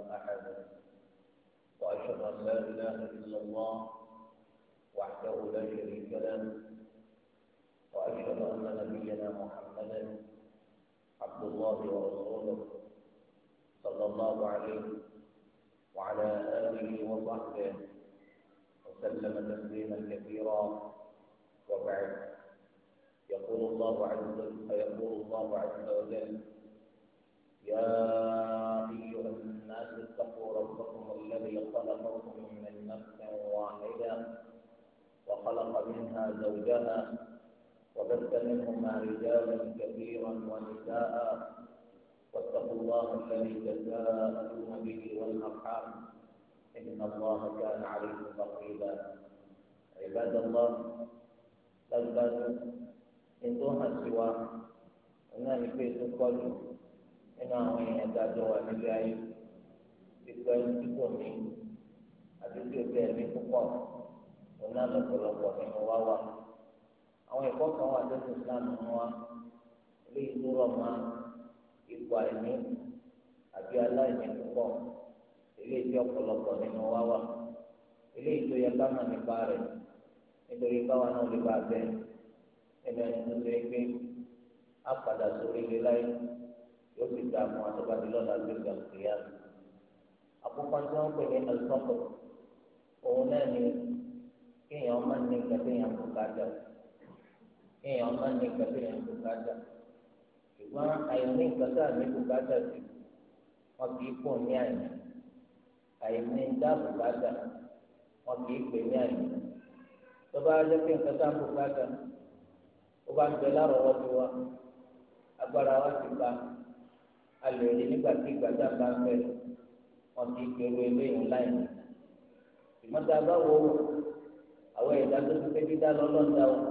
أحد وأشهد أن لا إله إلا الله وحده لا شريك له وأشهد أن نبينا محمدا عبد الله ورسوله صلى الله عليه وعلى آله وصحبه وسلم تسليما كثيرا وبعد يقول الله عز وجل يقول الله عز وجل يا أيها الناس الناس اتقوا ربكم الذي خلقكم من نفس واحدة وخلق منها زوجها وبث منهما رجالا كثيرا ونساء واتقوا الله الذي تساءلون به والأرحام إن الله كان عليكم رقيبا عباد الله لازم إن دون سوى أنا لكي إن إنه يدعو أن يجاهد ti lọ ibi kò ní àti tí o bẹ́ẹ̀ ní púpọ̀ òun náà lọ́pọ̀lọpọ̀ nínú wa wà. àwọn ẹ̀kọ́ kan wà lẹ́nu ìsìlámù wa eléyìí tó rọ̀ mọ́ ipò àìní àbí aláìní púpọ̀ eléyìí tí ọ̀pọ̀lọpọ̀ nínú wa wà eléyìí tó yẹ ká mọ̀ nípa rẹ̀ nítorí báwa náà lè bá bẹ́ẹ̀ ẹnu ẹni tó ṣe é gbé á padà sórí ilé láyé yóò fi dààmú àtọ́bàdé lọ́la gbé gbàgbé yàtọ̀ àkókò tí wọ́n pè ní alùpàpọ̀ òun náà ni kéèyàn máa ní kẹfẹ́yàn kó kájà kéèyàn máa ní kẹfẹ́yàn kó kájà ṣùgbọ́n àìní kẹfẹ́ àmì kó kájà sí wọn kì í pò ní àyè àìní dáàbò kájà wọn kì í pè ní àyè tó bá yẹ kí nǹkan tá a kó kájà ó bá ń bẹ tó wa agbára wa ti ba a lè rí nígbàkigbà tá a bá ń bẹ̀rẹ̀ wọn ti pẹ̀lú eléyìí láì ní. ìmọ̀ta bá wo àwọn ẹ̀dá tó ti tẹ́bí dá lọ́lọ́dà wọn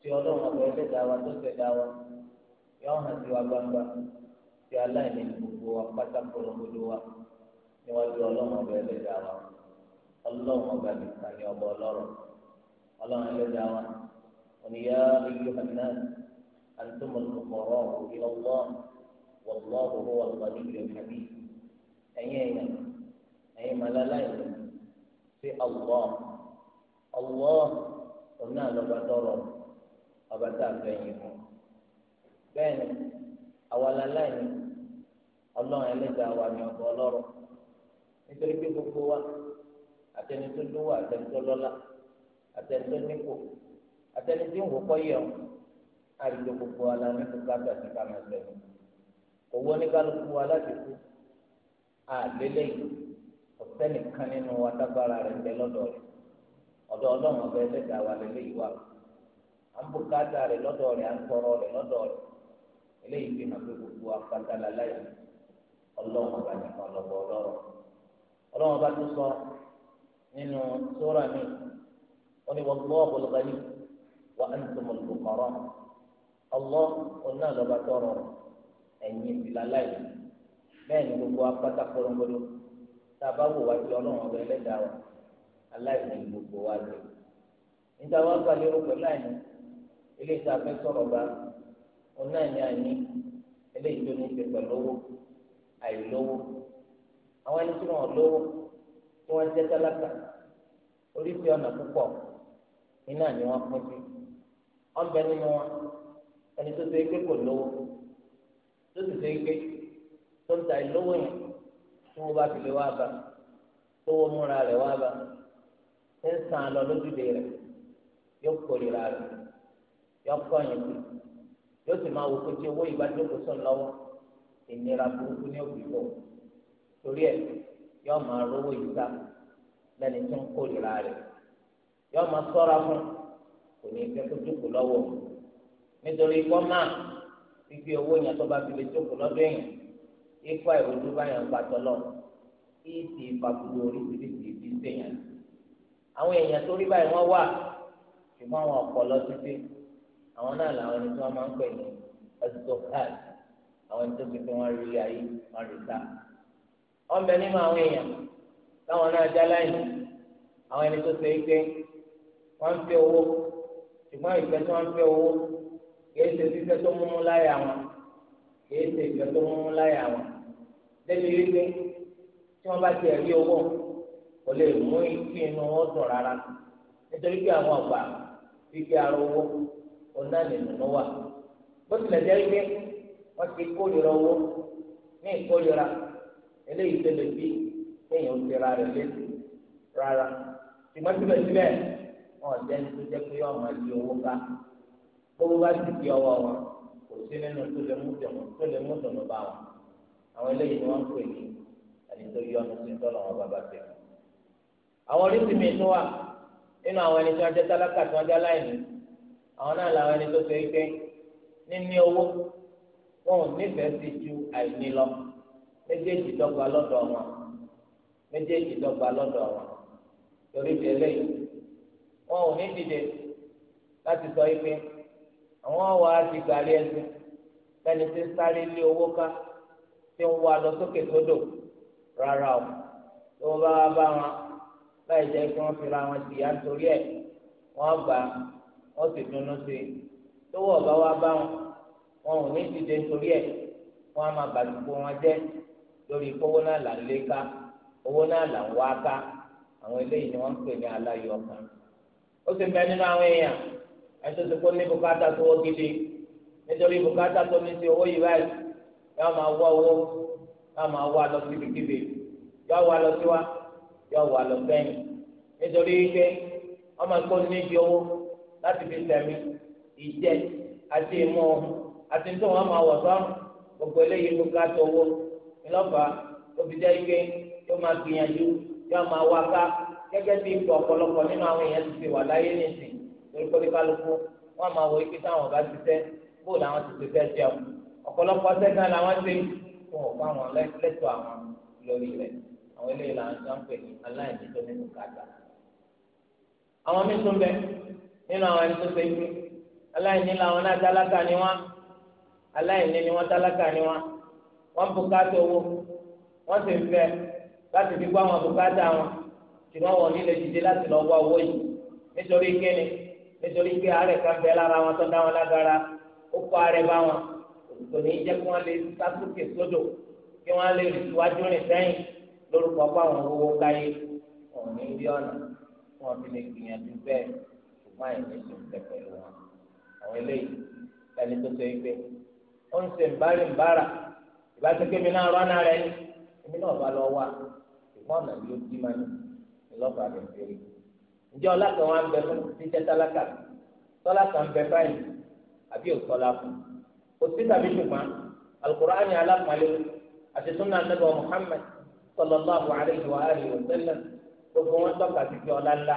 tí ọlọ́run ọ̀bẹ ẹlẹ́dà wa tó ṣẹ̀dá wa yóò hàn sí wa gbangba tí aláìní gbogbo wa pátákó lọ́gbọdọ wa níwájú ọlọ́run ọ̀bẹ ẹlẹ́dà wa ọlọ́run ọba nìkan ni ọba ọlọ́rọ̀ ọlọ́run ẹlẹ́dà wa oníyá iyú hànà àtúmọ̀ lùkọ̀rọ̀ ìlọ́wọ́ wọ́n lọ́wọ́ wọ́n lọ́wọ́ ẹ̀yin ẹ̀yàn ẹ̀yin màlálà yìí sí ọ̀wọ́ ọ̀wọ́ òun náà lọ́ba tọrọ ọba tá a fẹ́ yìí fún bẹ́ẹ̀ ni àwa yìí ọlọ́run ẹlẹ́dàá wa ni ọba ọlọ́rọ̀ nítorí pé gbogbo wa àtẹni tó lówó àtẹni tó lọ́lá àtẹni tó nípò àtẹni tí ń wò kọ́ yẹ ọ́ àdìgbò gbogbo wa la ká bàtí ká máa sẹ́yìn owó oníkálukú wa láti kú. àlélẹ́yìn ọ̀sẹ́nìkan nínú adágbára rẹ̀ bẹ lọ́dọ̀ rẹ̀ ọ̀dọ̀ ọlọ́run ọbẹ̀ ẹlẹ́dàá wa lélẹ́yìí wà á ń bùkátà rẹ̀ lọ́dọ̀ rẹ̀ á ń tọrọ rẹ̀ lọ́dọ̀ rẹ̀ eléyìí fi hàn pé gbogbo apátálá láyé ọlọ́run ọba nìkan lọ́bọ̀ ọlọ́rọ̀ ọlọ́run ọba tó sọ nínú sóra mi ó ní wallahu al-ghani wa antum al-fuqara Allah ọ̀nà lọ́ba bẹ́ẹ̀ ni gbogbo apáta polongodo tá a bá wò wá sí ọlọ́run ẹlẹ́dàá wa aláìní gbogbo wa lè níta wá gbalẹ̀ orúkọ láìní ilé tí a fẹ́ sọ̀rọ̀ bá òun náà eléyìí tó ní ṣe pẹ̀lú owó àìlówó àwọn ẹni tí lówó tí jẹ́ tálákà oríṣi ọ̀nà púpọ̀ iná ni wọ́n pín sí ọ̀nbẹ nínú wọn ẹni tó ṣe é pé kò lówó tó ń ta ìlówó yẹn tí wọ́n bá fi lè wá bá tówó múra rẹ̀ wá bá ń sàn lọ lójúde rẹ̀ yóò yóò yóò sì máa wò tí owó ìbájókòó sùn lọ́wọ́ ìnira burúkú ní òbí bò torí yóò máa rówó tó ń yóò ikú àìròjú báyà ń patọ́ lọ kí ti ìfàkùdù oríṣiríṣi ti sèyàn àwọn èèyàn tó rí báyìí wọ́n wà ṣùgbọ́n àwọn ọ̀pọ̀lọ títí àwọn náà làwọn ẹni tí wọ́n máa ń pè ní ọ̀sítọ́ káàdì àwọn ẹni tó fi pé wọ́n rí ayé wọ́n rí ta wọ́n bẹ nínú àwọn èèyàn táwọn náà já láyìn àwọn ẹni tó ṣe é pé wọ́n ń fẹ́ owó ṣùgbọ́n ìfẹ́ tí wọ́n ń fẹ́ owó kìí ṣe fífẹ́ tó múmú láyà wọn kìí ṣe ìfẹ́ tó múmú láyà wọn débi wípé tí wọ́n bá ti ẹ̀rí owó kò lè mú kí inú wọn dùn rárá nítorí pé àwọn àgbà wípé ara owó ọ̀nà nìyẹn wà bó tilẹ̀ jẹ́ wípé wọ́n ti kórìíra owó ní ìkórìíra eléyìí tó lè bí kéèyàn ti ra rẹ̀ lé rárá ṣùgbọ́n síbẹ̀síbẹ̀ wọn jẹ́ni tó jẹ́ pé ọmọ di owó ká gbogbo bá ti di ọwọ́ wọn kò sí nínú tó lè mú dùnú bá wọn. àwọn eléyìí ni wọ́n ń pè ní ẹni tó yọ ọdún sí tọ́lọ̀ wọn bàbá tẹ̀. àwọn oríṣi mi tó wà nínú àwọn ẹni tí wọ́n jẹ́ tálákà tí wọ́n jẹ́ aláìní àwọn náà làwọn ẹni tó ṣe é pé níní owó wọn ò nífẹ̀ẹ́ sí ju àìní lọ méjèèjì dọ́gba lọ́dọ̀ wọn méjèèjì dọ́gba lọ́dọ̀ wọn torí ti eléyìí wọn ò ní dìde sọ pé àwọn ti ẹsẹ̀ fẹ́ni tí ń wá lọ sókè sódò rárá o tó bá bá wọn láì jẹ́ kí wọ́n fi ra wọn sí àtòrí ẹ̀ wọ́n gbà wọ́n sì dùnnú sí i tó wọ̀ bá wá bá wọn wọn ò ní dìde nítorí ẹ̀ wọ́n á máa bàtúkú wọn jẹ́ lórí kówó náà là ń lé ká owó náà là ń wá ká àwọn eléyìí ni wọ́n ń pè ní aláyọ̀ ọkàn ó sì bẹ nínú àwọn èèyàn ẹ̀sùn tó kó ní bùkátà tó wọ́n gidi nítorí bùkátà tó ní sí owó yìí báyìí yóò máa wá owó yóò máa wá lọ síbikíbi yóò wá lọ síwá yóò wá lọ sẹ́yìn nítorí pé ọmọ ẹ̀kọ́ níbi owó láti fi sẹ̀mí ìjẹ àti ìmú ọ̀hún àti nítorí wọn máa wọ̀ sọ́run gbogbo eléyìí ló ká tó owó ńlọ́fà tóbi jẹ́ ike yóò máa gbìyànjú yóò máa wá ká gẹ́gẹ́ bí ipò ọ̀pọ̀lọpọ̀ nínú àwọn èèyàn ti fi wà láyé nìsín torí pé kálukú wọn máa wọ ike táwọn bá ti tẹ́ bóòlù àwọn ti ti fẹ́ jẹun ọ̀pọ̀lọpọ̀ sẹ́kàn làwọn ṣe fún ọ̀pọ̀ àwọn lẹ́tọ̀ àwọn lórí rẹ̀ àwọn eléyìí làwọn ṣe ń pè ní aláìní tó nínú kàtà. àwọn míín tún bẹ nínú àwọn ẹni tó ṣe pé aláìní làwọn náà tálákà ni wọn aláìní ni wọn tálákà ni wọn wọn bùkátà owó wọn sì ń fẹ́ láti fi gbọ́ àwọn bùkátà wọn ṣùgbọ́n wọn nílẹ̀ dìde láti lọ wá owó yìí nítorí kíni nítorí pé àárẹ̀ kan bẹ lára wọn tó dá wọn lágara ó kó àárẹ̀ bá wọn kò ní jẹ́ kí wọ́n lè sá sókè sódò kí wọ́n lè rìn síwájú rìn sẹ́yìn lórúkọ pé àwọn owó káyé wọn ní bí ọ̀nà tí wọ́n fi lè gbìyànjú bẹ́ẹ̀ ṣùgbọ́n àìní tó ń tẹ̀ pẹ̀lú wọn. àwọn eléyìí ẹni tó sọ pé ó ń ṣe ńbárì ńbárà ìbáṣepé mi náà rọ́nà rẹ̀ ni èmi náà bá lọ wà ṣùgbọ́n ọ̀nà yóò dí máa ní ìlọ́pàá rẹ̀ fèrè. ǹjẹ́ ọlá kan ń bẹ fún títẹ́ tálákà tọ́lá kan bẹ báyìí àbí òtọ́lá fún un òsì tàbí ṣùgbọ́n alukur'an yà alákùnrin àti sunna anabi muhammed sallallahu alayhi wa alayhi wa sallam gbogbo wọn tọ́ka sí fi ọ̀la ńlá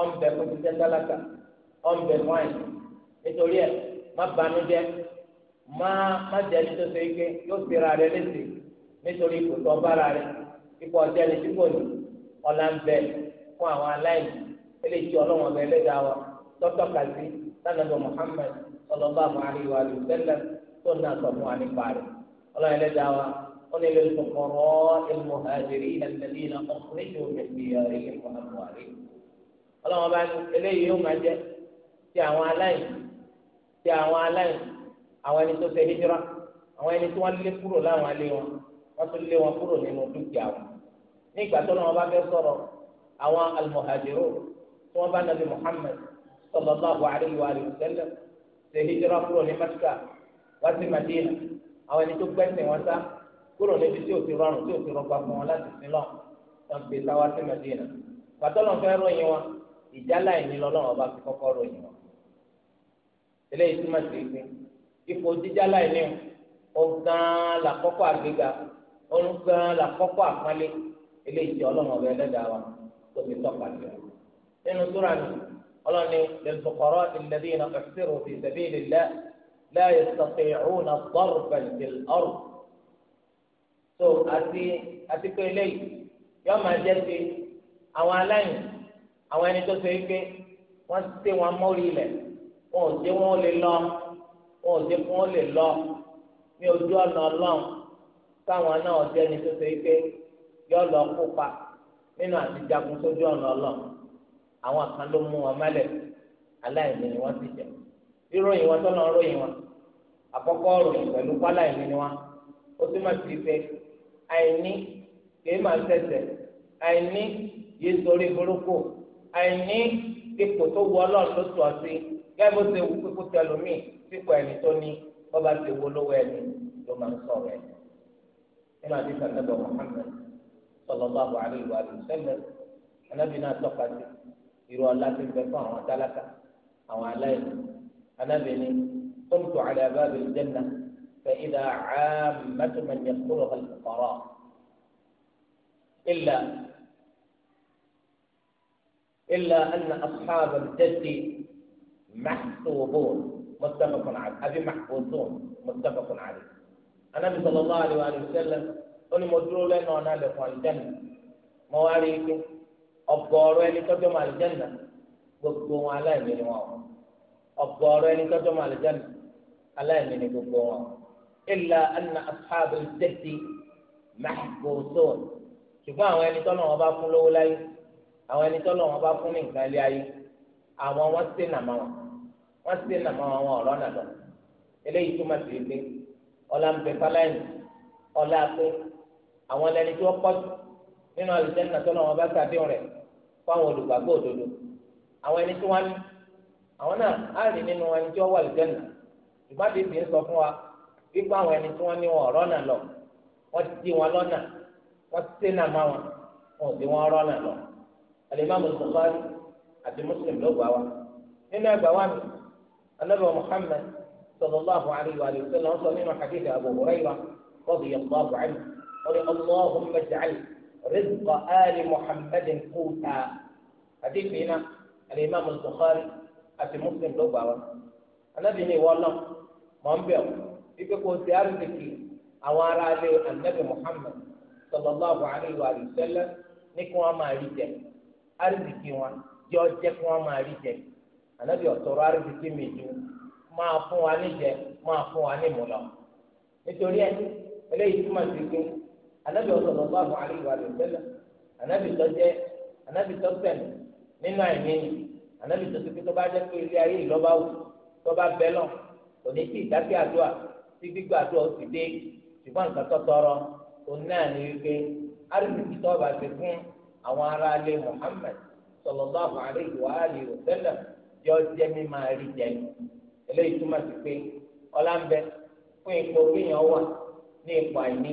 ọ̀n bẹ fún títẹ́ tálákà ọ̀n bẹ fún àyè nítorí ẹ̀ má banú jẹ́ má má jẹ́ ní tó so ike yóò fira rẹ létí nítorí kò tọ́ bára rẹ ipò ọ̀jẹ́ ni tí kò ní ọ̀la ń bẹ fún àwọn aláìní eléyìí ọlọ́wọ́n bẹ lẹ́dàá wa tọ́tọ́ka sí sanabu muhammed sallallahu alaihi wa sallam tó ń náà sọ fún wa nípa rẹ̀ ọlọ́run ẹlẹ́dàá wa ó ní lórí kòkòrò al-muhajirin alladhina ukhrijū min diyārihim wa amwālihim ọlọ́run bá ní eléyìí yóò máa jẹ́ ti àwọn aláìní ti àwọn aláìní àwọn ẹni tó ṣe hijira àwọn ẹni tí wọ́n lé kúrò láwọn alé wọn wọ́n tún lé wọn kúrò nínú dúkìá wọn ní ìgbà tó náà bá fẹ́ sọ̀rọ̀ àwọn al tí wọ́n bá nàbí Muhammad sallallahu ṣe hijira kúrò ní Mẹ́kà wá sí Madina àwọn ẹni tó gbẹ́sẹ̀ wọn sá kúrò níbi tí ò ti rọrùn tí ò ti rọgbà fún wọn láti sin lọ́n wọn gbé sá wá sí Madina pàtọ́lọ̀ fẹ́ ròyìn wọn ìjálá ẹ̀yìn lọ́lọ́run ọba fi kọ́kọ́ ròyìn wọn. eléyìí túmọ̀ sí pé ipò jíjálá ẹ̀yìn o gan-an là kọ́kọ́ àgbéga o gan-an là kọ́kọ́ àpọ́nlé eléyìí tí ọlọ́run ọba ẹlẹ́dàá wa tó fi tọ́pàá sí ọ. nínú súrà mi قالني للفقراء الذين احصروا في سبيل الله لا يستطيعون ضربا في الأرض so àti àti pé eléyìí yóò máa jẹ́ ti àwọn aláìní àwọn ẹni tó ṣe é pé wọ́n ti wọn mórí ilẹ̀ wọn ò jẹ́ wọn lè lọ wọn ò jẹ́ wọn lè lọ ní ojú ọ̀nà ọlọ́run káwọn náà jẹ́ ẹni tó ṣe é pé yóò lọ kópa nínú àti jagun sójú ọ̀nà ọlọ́run àwọn kan ló mú wọn mọ́lẹ̀ aláìní ni wọ́n ti jẹ́ ìròyìn wọn tọ́nà ròyìn wọn àkọ́kọ́ ròyìn pẹ̀lú pálàìní ni wọn ó túmọ̀ sí pé àìní kìí máa tẹ̀sẹ̀ àìní yìí sórí burúkú àìní ipò tó wọ ọlọ́run ló sọ sí gẹ́gẹ́ bó ṣe wù pípò tẹlómìn sípò ẹni tó ní bọ́ba ti wo lówó ẹni ló máa ń sọ̀rọ̀ ẹni. nínú àdìsàn nàbẹ̀ Muhammad sallallahu alaihi wa sallam anábìnrin àtọ́ka sí irú ọlá ti fẹ fún àwọn tálákà àwọn aláìní anábìíní kóńtù àlàbàbí jẹnà fẹ̀yìdà àmàtúmẹ̀yẹ kúrò kọ̀rọ̀ ilà ilà ẹnna asáàbà tẹ̀sí maxtuubun mustafakun cali abi maxbuusun mustafakun cali anabi sallallahu alayhi wa sallam ó ní mo dúró lẹ́nu ọ̀nà àlẹ́ fún àlùjẹ́nà mo wá rí i pé. ọ̀gọ̀ọ̀rọ̀ ẹni tọjọ máa lè jẹnà gbogbo wọn aláìní ni wọn ọ̀gọ̀ọ̀rọ̀ ẹni tọjọ máa lè jẹnà aláìní ni gbogbo wọn ilà ẹnna asáàbẹ tẹsí mahbusun ṣùgbọ́n àwọn ẹni tọ́lọ̀ wọn bá fún lówó láyé àwọn ẹni tọ́lọ̀ wọn bá fún ní nǹkan ilé ayé àwọn wọn sì nà máa wọn sì nà máa wọn ọ̀rọ̀ nà lọ eléyìí túmọ̀ sí pé ọlá ń bẹ fáláyìn ọlá pé àwọn ẹni tó pọ̀ jù nínú àlùjẹ́nà tó náà wọn bá sàdéhùn rẹ̀ fáwọn olùgbàgbọ́ òdodo àwọn ẹni tí wọ́n ní àwọn náà á rí nínú ẹni tí wọ́n wà àlùjẹ́nà ṣùgbọ́n àti ìsìn sọ fún wa wípé àwọn ẹni tí wọ́n ní wọn ọ̀rọ̀ náà lọ wọ́n ti wọn lọ́nà wọ́n ti sẹ́nà má wọn wọn ò sí wọn ọ̀rọ̀ náà lọ. alimami Bukhari àti Muslim ló gbà wá nínú ẹgbà wá mi anábẹ́ Muhammad sọ رزق آل محمد قوتا حديث هنا الإمام البخاري أتي مسلم لبعض النبي بني والله ما أنبئه يقول سيارتك أوارى لي النبي محمد صلى الله عليه وآله وسلم نكون ما ريجك أرزقي وان جوجك وما ريجك أنا بيوتر أرزقي ميجو máa fún wa níjẹ máa fún wa nímú lọ nítorí ẹ eléyìí túmọ̀ sí anabi sallallahu alaihi wa sallam anabi tó jẹ́ anabi tó sẹ̀mí nínú àìní anabi tó sèké tó bá jẹ́ pé ilé ayé ìlọ́ba wù tó bá bẹ́ lọ kò ní kí ìdákẹ́ àdúrà tí gbígbà àdúrà ó ti dé ṣùgbọ́n nǹkan tó tọrọ òun náà ní wípé arìnrìn tó bá ti fún àwọn ará ilé Muhammad sallallahu alaihi wa alihi wa sallam yọ jẹ́ mímọ́ àrí jẹ́ni eléyìí túmọ̀ sí pé ọlá ń bẹ fún ipò kéèyàn wà ní ipò àìní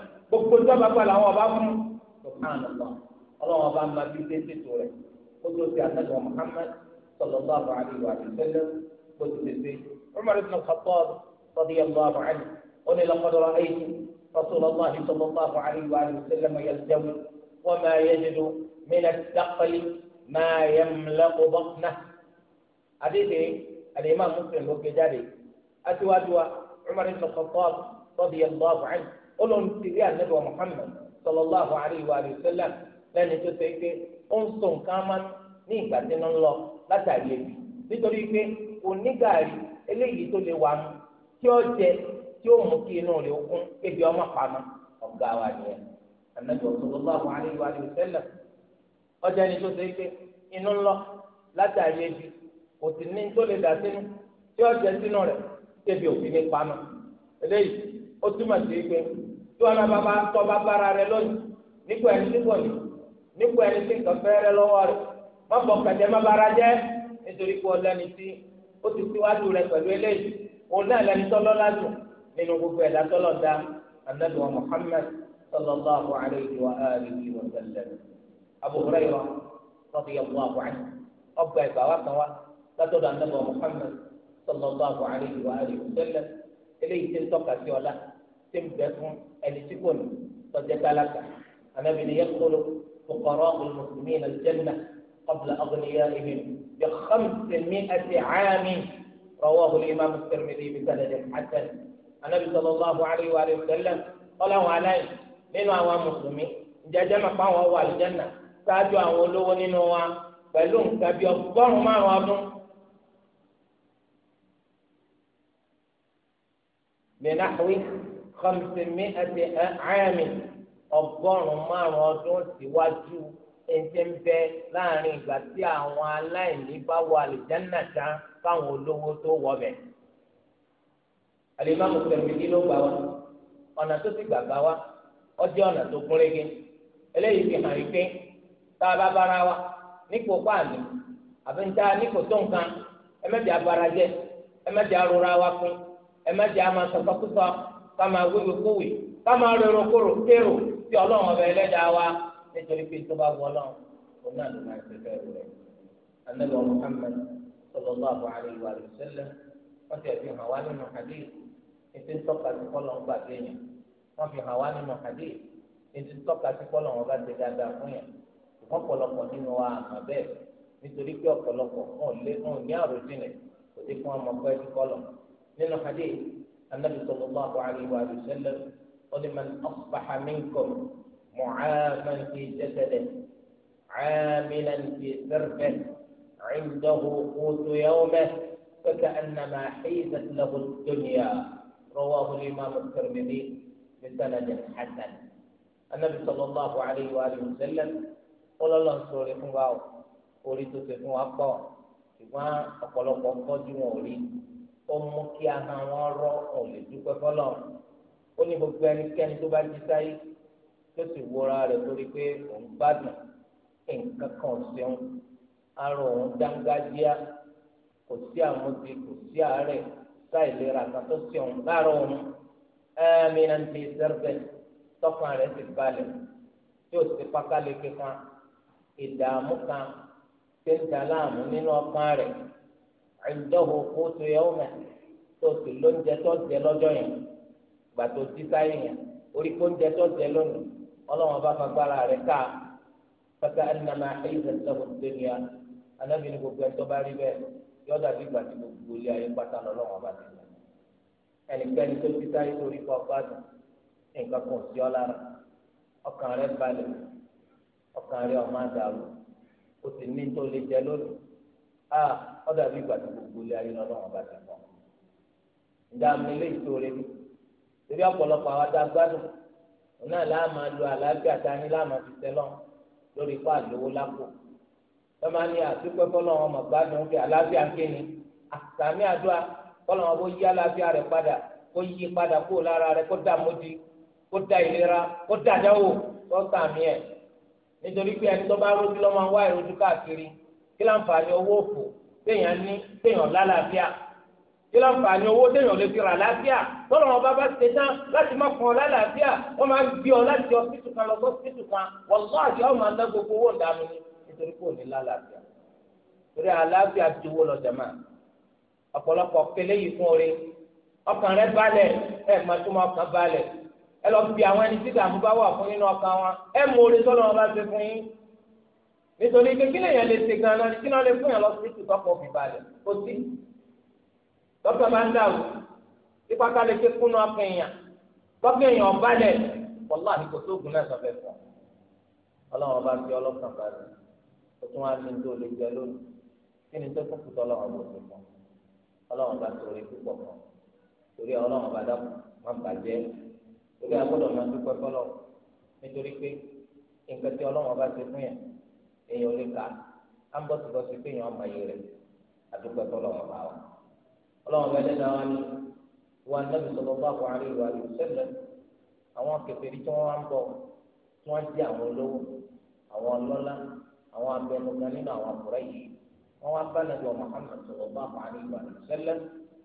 gbogbo tó bá gbà làwọn ọba fún subhanallah ọlọ́wọ́n ọba máa fi dé tètò rẹ̀ ó tó ti àtẹ́tọ̀ Muhammad sallallahu alaihi wa sallam bó ti lè dé Umar ibn al-Khattab radiyallahu anhu ó ní laqad ra'aytu Rasulullah sallallahu alaihi wa sallam yaljamu wa ma yajidu min ad-daqli ma yamlaqu batnahu àdéhìí àdéhìí máa mú sèǹdó gbé jáde àtiwájú wa Umar ibn al-Khattab radiyallahu anhu. olóhùn ti rí ànábì wa muhammed sallallahu alayhi wa sallam lẹ́ni tó ṣe pé ó ń so nǹkan máa ní ìgbà tí ń lọ látàrí ebi nítorí pé onígàárí eléyìí tó lè wà mú tí ó jẹ tí ó mú kí inú ebi ọmọ pàmò ọ̀gá wa nìyẹn ànábì sallallahu alayhi wa sallam ọjà ni tó ṣe pé inú lọ látàrí ebi kò sì ní tó lè dà sínú tí ó jẹ sínú rẹ̀ òfin ní eléyìí ó túmọ̀ tí wọn náà bá tọ́ bá bára rẹ lónìí nípò ẹni nípò ní nípò ẹni tí nǹkan fẹ́ rẹ lọ́wọ́ rẹ má bọ̀ kẹ̀jẹ́ má bára jẹ́ nítorí pé ọlẹ́ni tí ó ti síwájú rẹ pẹ̀lú eléyìí òun náà lẹni tọ́lọ́ lájú nínú gbogbo ẹ̀dá tọ́lọ́ da anabi wa muhammad sallallahu alayhi wa alihi wa sallam abu hurayra radiyallahu anhu ọgbà ìgbà wa kan wa látọ̀dọ̀ anabi wa muhammad sallallahu alayhi wa alihi wa sallam eléyìí ti ń tọ́ka sí tí ń bẹ fún ẹni tí kò ní tọ́jú tálákà anábì ni yẹ́kọ́lọ́ fọkọrọ́ olùmọ̀sùnmí ní aljanna qabla agbóníyá ibi yọ xamsẹ̀mí àti ààmì rọwọ́ olùyẹ máa mùsùlùmí ní ibi sàlẹ̀ hasan anábì sallallahu alayhi wa sallam kọ́lá wọn aláì nínú àwọn mùsùlùmí ìjẹ́jẹ́ máa pa àwọn wà aljanna ṣáájú àwọn olówó nínú wa pẹ̀lú nǹkan bí márùn-ún ọdún. bẹ́ẹ̀ náà kọ́mísìmí àti àmì ọgọ́rùn-ún márùn-ún ọdún síwájú ẹ̀jẹ̀ ń bẹ láàrin ìgbà tí àwọn aláìní bá wọ àlìjáná tán fáwọn olówó tó wọ bẹ̀. àlìmáàmù Tirmidhi ló gbà wá ọ̀nà tó ti gbàgbà wá ọjọ́ ọ̀nà tó kún régé eléyìí fi hàn tá a bá bára wa nípò àbí níta nípò tó nǹkan ẹ ká máa wíwí kúwì ká máa rẹrọ kóró kérò tí ọlọ́run ọba ẹlẹ́dàá wa nítorí pé tó bá wọ ọlọ́run òun náà ló máa ṣe bẹ́ẹ̀ rẹ̀. anabi wa muhammad sallallahu alayhi wa sallam wọ́n ti fi hàn wá nínú hadith ètò ìtọ́ka tí kọ́lọ̀ ń gbà déyàn wọ́n fi hàn wá nínú hadith ètò ìtọ́ka tí kọ́lọ̀ ń bá ti dáadáa fún yàn ọ̀pọ̀lọpọ̀ nínú wa àmà bẹ́ẹ̀ nítorí pé ọ̀pọ̀lọpọ̀ wọn ní àròjìnlẹ̀ kò dé fún ọmọ pẹ́ẹ́sì kọ́lọ̀ nínú hadith النبي صلى الله عليه وآله وسلم ولمن أصبح منكم معافا في جسده عاملا في سرفه عنده قوت يومه فكأنما حيزت له الدنيا رواه الإمام الترمذي بسند حسن النبي صلى الله عليه وآله وسلم قال الله سبحانه وتعالى قولي تسفنوا أقوى ṣùgbọ́n ọ̀pọ̀lọpọ̀ ń ó mú kí ahọ́n wọn rọ ọ̀ lè dúpẹ́ fọlọ́ ó ní gbogbo ẹnikẹ́ni tó bá jí sáyé tó sì wúra rẹ̀ lórí pé òun gbádùn nǹkan kan ṣeun arọ òun dángájíá kò sí àmúdi kò sí àárẹ̀ sáìlera kan tó ṣeun láàárọ̀ òun ẹ̀ẹ́mí náà ń di sẹ́rẹ̀bẹ̀ tọkàn rẹ̀ ti balẹ̀ tí ó ti pákáleke kan ìdààmú kan tí ń dà láàmú nínú ọkàn rẹ̀ àìjọ́wò kó tó yẹ ọmọ tó sì lóúnjẹ tó jẹ lọ́jọ́ yẹn gbà tó ti sáyé yẹn orí kó oúnjẹ tó jẹ lónìí ọlọ́wọ́n bá fagbára rẹ̀ ká pátá ẹnìmọ́ àìsàn lọ́wọ́ dénìyà anábìíní gbogbo ẹ̀tọ́ bá rí bẹ́ẹ̀ yọ dàbí ìgbà tí gbogbo ilé ayé pátá lọ́wọ́n bá ti lọ ẹnikẹ́ni tó ti sáyé ọ̀dà bí ìgbà tó gbogbo ilé ayé lọ́wọ́ bá ti pọ̀. ìjà mele ìtòrè torí ọ̀pọ̀lọpọ̀ àwọn adágbádùn ọ̀nà láàmà lo àlàáfíà tání láàmà fi tẹ́lọ̀ lórí ipá àlówó lápò. lọ́mọ ní àtúpẹ́ fọlọ́wọn ọmọ gbádùn fi àlàáfíà kéne àtàmì àdúrà fọlọ́wọn bó yí àlàáfíà rẹ̀ padà kó yí padà kó lára rẹ̀ kó dà módì kó dà ìlera kó dà dáwò kó sàmì ẹ̀ nítorí pé ẹni tó bá rójú lọ́mọ wá ìrójú káàkiri kí láǹfààní owó òfò téèyàn ní téèyàn lálàáfíà kí ló ń fa ni owó téèyàn lè fi rà láàfíà tọ́lọ̀ wọn bá bá ṣe tán láti má fún ọ lálàáfíà wọ́n máa ń gbé ọ láti ọsítù kan lọ sọ́sítù kan wọ́n lọ́ àti ọmọ àná gbogbo owó ìdánù ni nítorí kò ní lálàáfíà torí àlàáfíà ti wó lọ jẹ̀mọ́ ọ̀pọ̀lọpọ̀ kele yìí fún orí ọkàn rẹ balẹ̀ ẹ̀ máa tún máa kàn balẹ̀ ẹ lọ fi àwọn ẹni nítorí pé kí lèèyàn lè ṣe gan-an ni kí ló lè fún yàn lọ sí ti tọ́pọ̀ fìbalẹ̀ kó sí dókítà bá ń dàrú ipa ká lè ṣe kúnú ọkàn èèyàn lọ́kàn èèyàn ọ̀balẹ̀ wọ́lá àdìgbò tó gùn náà sọ̀fẹ́ fún ọ ọlọ́run ọba fi ọlọ́kàn bá rẹ̀ ó tún wá ní tó lè jẹ lónìí kí ni tó kúkú tọ́ ọlọ́run ọba òṣèlú ọlọ́run ọba torí púpọ̀ kan torí ọlọ́run ọba dàpọ̀ má èèyàn lè kà á ń bọ́sibọ́sí pé èèyàn ọmọ yìí rẹ̀ àdúgbò tó lọ́wọ́ bá wa. ọlọ́run bẹ́ẹ̀ lẹ́nu àwọn ni wà nẹ́bí sọ̀rọ̀ bá wà rí ìwà rí sẹ́lẹ̀ àwọn kèfèrí tí wọ́n wá ń bọ̀ tí wọ́n jẹ́ àwọn olówó àwọn ọlọ́lá àwọn abẹnugan nínú àwọn àkùrẹ́ yìí wọ́n wá bá nàbí Muhammad sọ̀rọ̀ bá wà rí ìwà rí sẹ́lẹ̀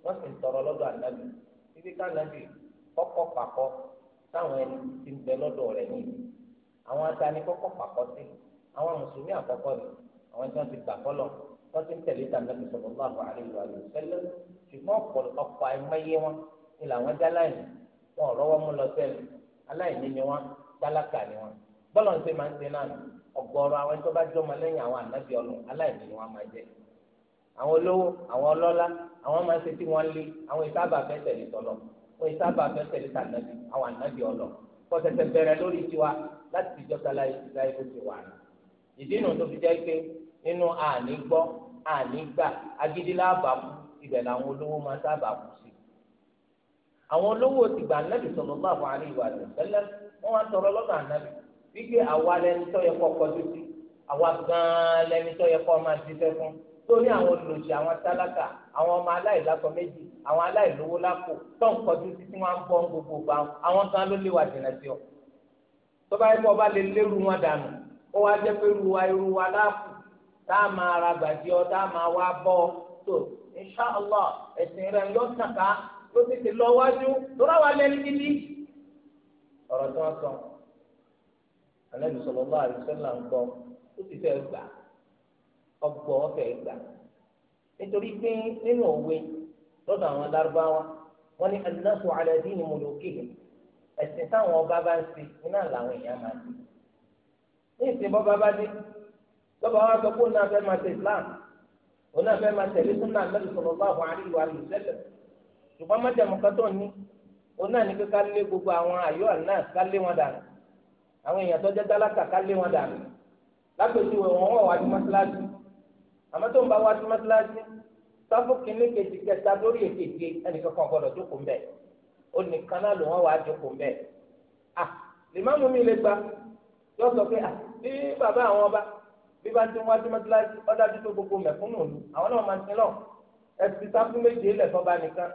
wọ́n sì ń tọrọ lọ́dọ̀ ànábì títí ká ànábì kọ́kọ́ pàkọ́ táwọn ẹni tí ń àwọn mùsùlùmí àkọ́kọ́ ni àwọn tí wọ́n ti gbà kọ́lọ̀ wọ́n ti ń tẹ̀lé tàbí sallallahu alaihi wa sallam ṣùgbọ́n ọ̀pọ̀ àìmọye wọn ni làwọn jáláìní wọn ò rọ́wọ́ mú lọ sẹ́nu aláìní ni wọn tálákà ni wọn bọ́lọ̀ ń ṣe máa ń ṣe náà ọ̀gọ̀ọ̀rọ̀ àwọn tó bá jọmọ lẹ́yìn àwọn ànábì ọlọ́run aláìní ni wọn máa jẹ àwọn olówó àwọn ọlọ́lá àwọn máa ṣe wọ́n ìsábà fẹ́ tẹ̀lé tọ́lọ̀ wọn ìsábà fẹ́ tẹ̀lé tànàbì àwọn ànábì tẹ̀tẹ̀ bẹ̀rẹ̀ lórí tiwa láti ìjọba láyé ti láyé ti wà ní ìdí nu tó fi jẹ́ pé nínú àní gbọ́ àní gbà agídí láàbà kú ibẹ̀ làwọn olówó máa sábà kú sí. àwọn olówó ti gbà nábì sallallahu alaihi wa sallam wọ́n wá tọrọ lọ́dọ̀ ànábì wípé àwa lẹni tó yẹ kọ́ kọjú sí àwa gan-an lẹni tó yẹ kọ́ máa ṣiṣẹ́ fún torí àwọn olùlòsì àwọn tálákà àwọn ọmọ aláìlákọ méjì àwọn aláìlówó lápò tó ń kọjú sí tí wọn ń bọ gbogbo bá àwọn kan ló léwà jìnnà sí ọ tó bá yẹ kó ọba lè lérú wọn dànù kó wá jẹ́ pé ruwa irú wa láàfù tá a máa ra gbàdí ọ tá a máa wá bọ́ ọ tó insha allah ẹ̀sìn rẹ̀ yóò tàn ló ti ti lọ wájú lọ́ra wa lẹ́ni gidi ọ̀rọ̀ tí wọ́n sọ alẹ́bi sọ̀rọ̀ bá àdìsẹ́là ń gbọ́ ó ti fẹ́ gbà ọgbọ́ ọ̀fẹ́ gbà nítorí pé nínú òwe lọ́dọ̀ àwọn lárúbáwá wọ́n ní anáṣọ alẹ́ dín ní mọ̀lọ́kì ẹ̀sìn táwọn ọba bá ń ṣe iná làwọn èèyàn máa ń ṣe. ní si bọ́ bàbá dé bàbá wa sọ pé òun náà fẹ́ máa tẹ Islam òun náà fẹ́ máa tẹ̀lé fún náà lẹ́bi sọ̀rọ̀ bá àwọn àríwá rẹ̀ sẹ́lẹ̀ ṣùgbọ́n òun náà ní pé gbogbo àwọn àyọ̀ náà ká lé wọn dànù àwọn èèyàn tó jẹ́ dálákà ká lé wọn dànù wọn àmọ́ tó ń bá sáfù kìíní kejì kẹta lórí èkejì gbọdọ̀ jókòó náà wọn wàá jókòó mi lè gba yọ bí bàbá àwọn ọba bí bá ti ń wájú mọ́tíláṣí ọ̀dájú tó gbogbo mẹ̀kúnnù òlu àwọn náà máa ti lọ ẹsì sáfù méje lẹ̀ fọ́ba nìkan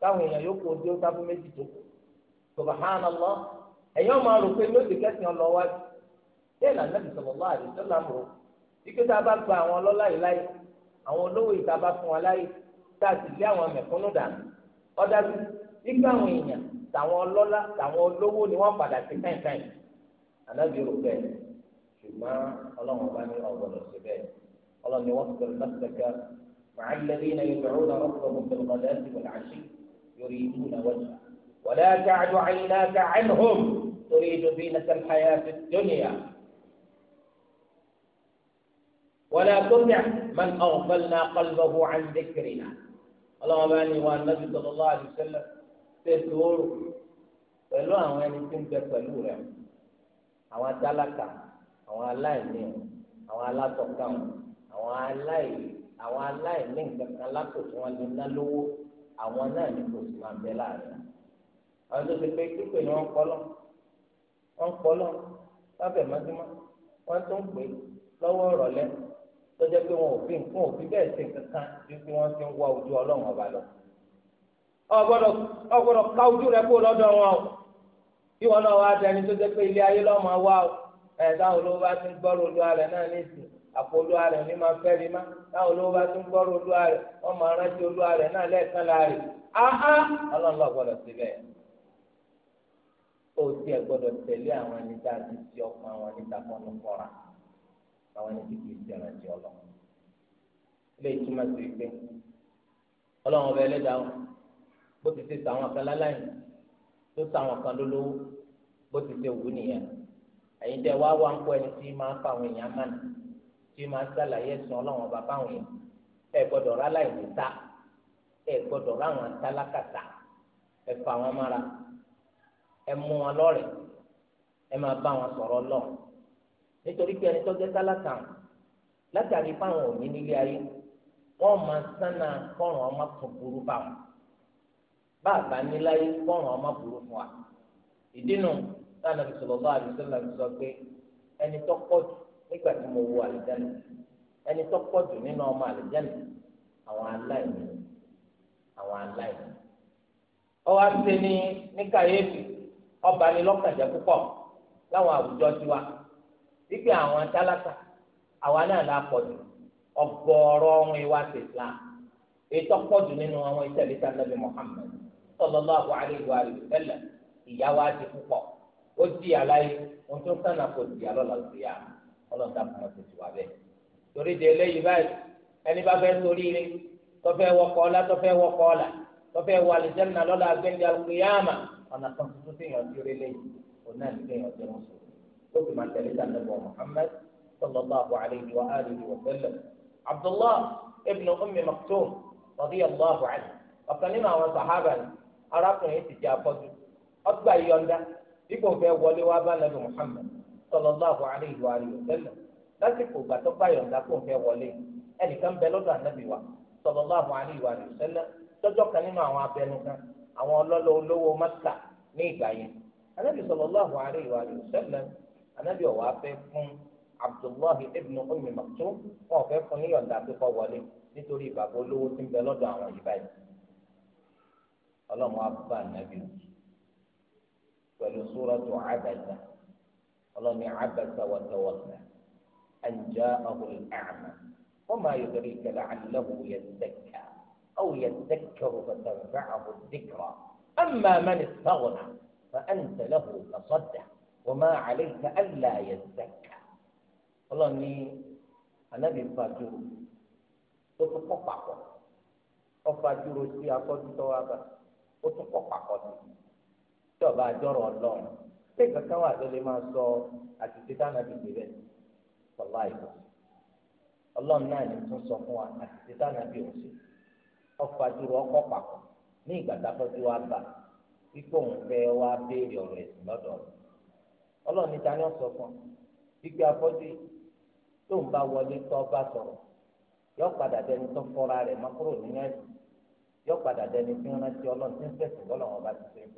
táwọn èèyàn yóò kó dé sáfù méjì tó kù subhanallah ẹ̀yàn máa rò pé ní oṣù kẹsàn-án lọ wájú bẹ́ẹ̀ náà nàbì sallallahu alaihi wasallam rò ike tá a bá gba àwọn ọlọ́lá yìí láyè àwọn olówó yìí tá a bá fún wọn láyè tá a sì lé àwọn mẹ̀kúnnù dànù ọ̀dájú ike àwọn èèyàn tàwọn ọlọ́lá tàwọn olówó ni wọ́n padà sí kẹ́ńkẹ́ń ànábì rò bẹ́ẹ̀ ṣùgbọ́n ọlọ́run bá ní ọ̀gbọ́dọ̀ sí bẹ́ẹ̀ ọlọ́run ni wọ́n sọ̀rọ̀ lọ́sẹ̀kẹ́ مع الذين يدعون ربهم بالغداة والعشي يريدون وجهه ولا تعد عيناك عنهم تريد زينة الحياة الدنيا ولا تطع من أغفلنا قلبه عن ذكرنا اللهم بارك والنبي صلى الله عليه وسلم تسور pẹ̀lú àwọn ẹni tí ń bẹ pẹ̀lú rẹ̀ àwọn tálákà àwọn aláìní àwọn alátọ̀kàn àwọn aláì àwọn aláìní nǹkan kan látò lè ná lówó àwọn náà ní kò sì máa bẹ láàrin àwọn tó ti pé pípé ni wọ́n kọ́lọ́ wọ́n kọ́lọ́ lábẹ́ mọ́tímọ́ wọ́n tún pè lọ́wọ́ ìrọ̀lẹ́ tó jẹ́ pé wọn ò fi nǹkan ò fi bẹ́ẹ̀ ṣe nǹkan kan ju bí wọ́n ti ń wá ojú ọlọ́run ọba lọ ọgbọ́dọ̀ ọgbọ́dọ̀ ká ojú rẹ kó lọ́dọ̀ wọn o bí wọn náà wá dání tó jẹ́ pé ilé ayé lọ́mọ wá o. ẹ táwọn olówó bá ti ń gbọ́rọ̀ olúwa rẹ̀ náà nísìn àpò olúwa rẹ̀ ní máa fẹ́ rí táwọn olówó bá ti ń gbọ́rọ̀ olúwa rẹ̀ wọ́n máa rántí olúwa náà lẹ́ẹ̀kan láàrin áhá ọlọ́run lọ gbọ́dọ̀ ó gbọ́dọ̀ tẹ̀lé àwọn ẹni tá a ti ọkàn àwọn ẹni tá a kọ́nu kọ́ra àwọn ẹni tí kì í jẹrán ti ọlọ ilé ìtumọ̀ sí i pé ọlọ́run ọba bó ti ṣe sàwọn kan ẹ̀yin tẹ́ wá wá ń kọ́ ẹni tí máa fa àwọn ya mánà tí máa sàlàyé ẹ̀sìn ọlọ́run ọba fáwọn èèyàn ẹ gbọ́dọ̀ rà láìní ta ẹ gbọ́dọ̀ rà wọn tálákàtà ẹ fà wọn ẹ mú wọn lọ́rẹ̀ ẹ máa bá wọn lọ nítorí pé ẹni tó tálákà látàrí fáwọn sáànà bisalòlá àdìsọ́là sọ pé ẹni tó pọ̀ jù nígbà tí mo wo àlìjáde ẹni tó pọ̀ jù nínú ọmọ àlìjáde àwọn aláìní àwọn aláìní. ọwọ́ àti ní ní kàyéfì ọba ni lọ́kànjẹ́ púpọ̀ láwọn àwùjọ tiwa wípé àwọn tálákà àwa náà la pọ̀ jù ọgọ́rọ̀ ọ̀hún ìwà ti Islam ètò pọ̀jù nínú àwọn ìtẹ̀lẹ́tà nàbì Muhammad sallallahu alaihi wa sallam ìyá wa ti púpọ̀ ó di àlàyé wọn tó sànà kò di àlọ́ làwùjọ yà ọlọ́run tá a fún wọn ti tù wá bẹ́ẹ̀. torí de eléyìí báyìí ẹni bá fẹ́ sórí rẹ tọ́fẹ́ wọkọ̀ ọ̀la tọ́fẹ́ wọkọ̀ ọ̀la tọ́fẹ́ wọ àlùjánnà lọ́la gbẹ̀ndẹ̀ àlùkìyàmà ọ̀nà kan tuntun tí yàn ti rí lẹ́yìn òun náà nìkan yàn jẹ́ mùsùlùmí ó sì máa tẹ̀lé sàlẹ̀bọ̀ Muhammad sallallahu alayhi wa alihi wa sallam Abdullah ibn Ummi Maktum radiyallahu anhu ọ̀kan nínú àwọn sàhábà ni arákùnrin ti jẹ́ afọ́jú ọgbà yọ̀ǹda dípò fẹ́ wọlé wá bá nàbì Muhammad sallallahu alaihi wa alihi wa sallam lásìkò ìgbà tó bá yọ̀ǹda kó fẹ́ wọlé ẹnìkan bẹ lọ́dọ̀ ànábì wa sallallahu alaihi wa alihi wa sallam tọ́jọ́ kan nínú àwọn abẹnugan àwọn ọlọ́lọ́ olówó mọ́tà ní ìgbà yẹn ànábì sallallahu alaihi wa alihi wa sallam ànábì ọ̀wá fẹ́ fún Abdullahi ibn Ummi Maktum wọn fẹ́ fún ní yọ̀ǹda wọlé nítorí bàbá olówó tí bẹ lọ́dọ̀ àwọn yìí pẹ̀lú suratu abasa ọlọ́ni abasa wa tawalla an ja'ahu al-a'ma wa ma yudrika la'allahu yazzakka aw yazzakkaru fatanfa'ahu adh-dhikra amma man istaghna fa anta lahu tasadda wa ma 'alayka alla yazzakka ọlọ́ni anabi fàdúró ó tún kọ́ pàpọ̀ ọ̀fàdúró sí akọ́jú tọ́wọ́ abá ó tún kọ́ pàpọ̀ sí i. tí ọba àjọrò ọlọ́run ṣé kankan wà tó lè máa sọ àtìsí táwọn àti gbèrè sọlá ìlú ọlọ́run náà ní tún sọ fún wa àtìsí táwọn ọfàdúró ọkọ ní ìgbà wa pípọ̀ òun fẹ́ wá béèrè ọ̀rọ̀ ẹ̀sìn lọ́dọ̀ níta ni ó sọ fún gbígbé afọ́jú tó ń bá wọlé tó bá sọ̀rọ̀ yọ padà dẹni tó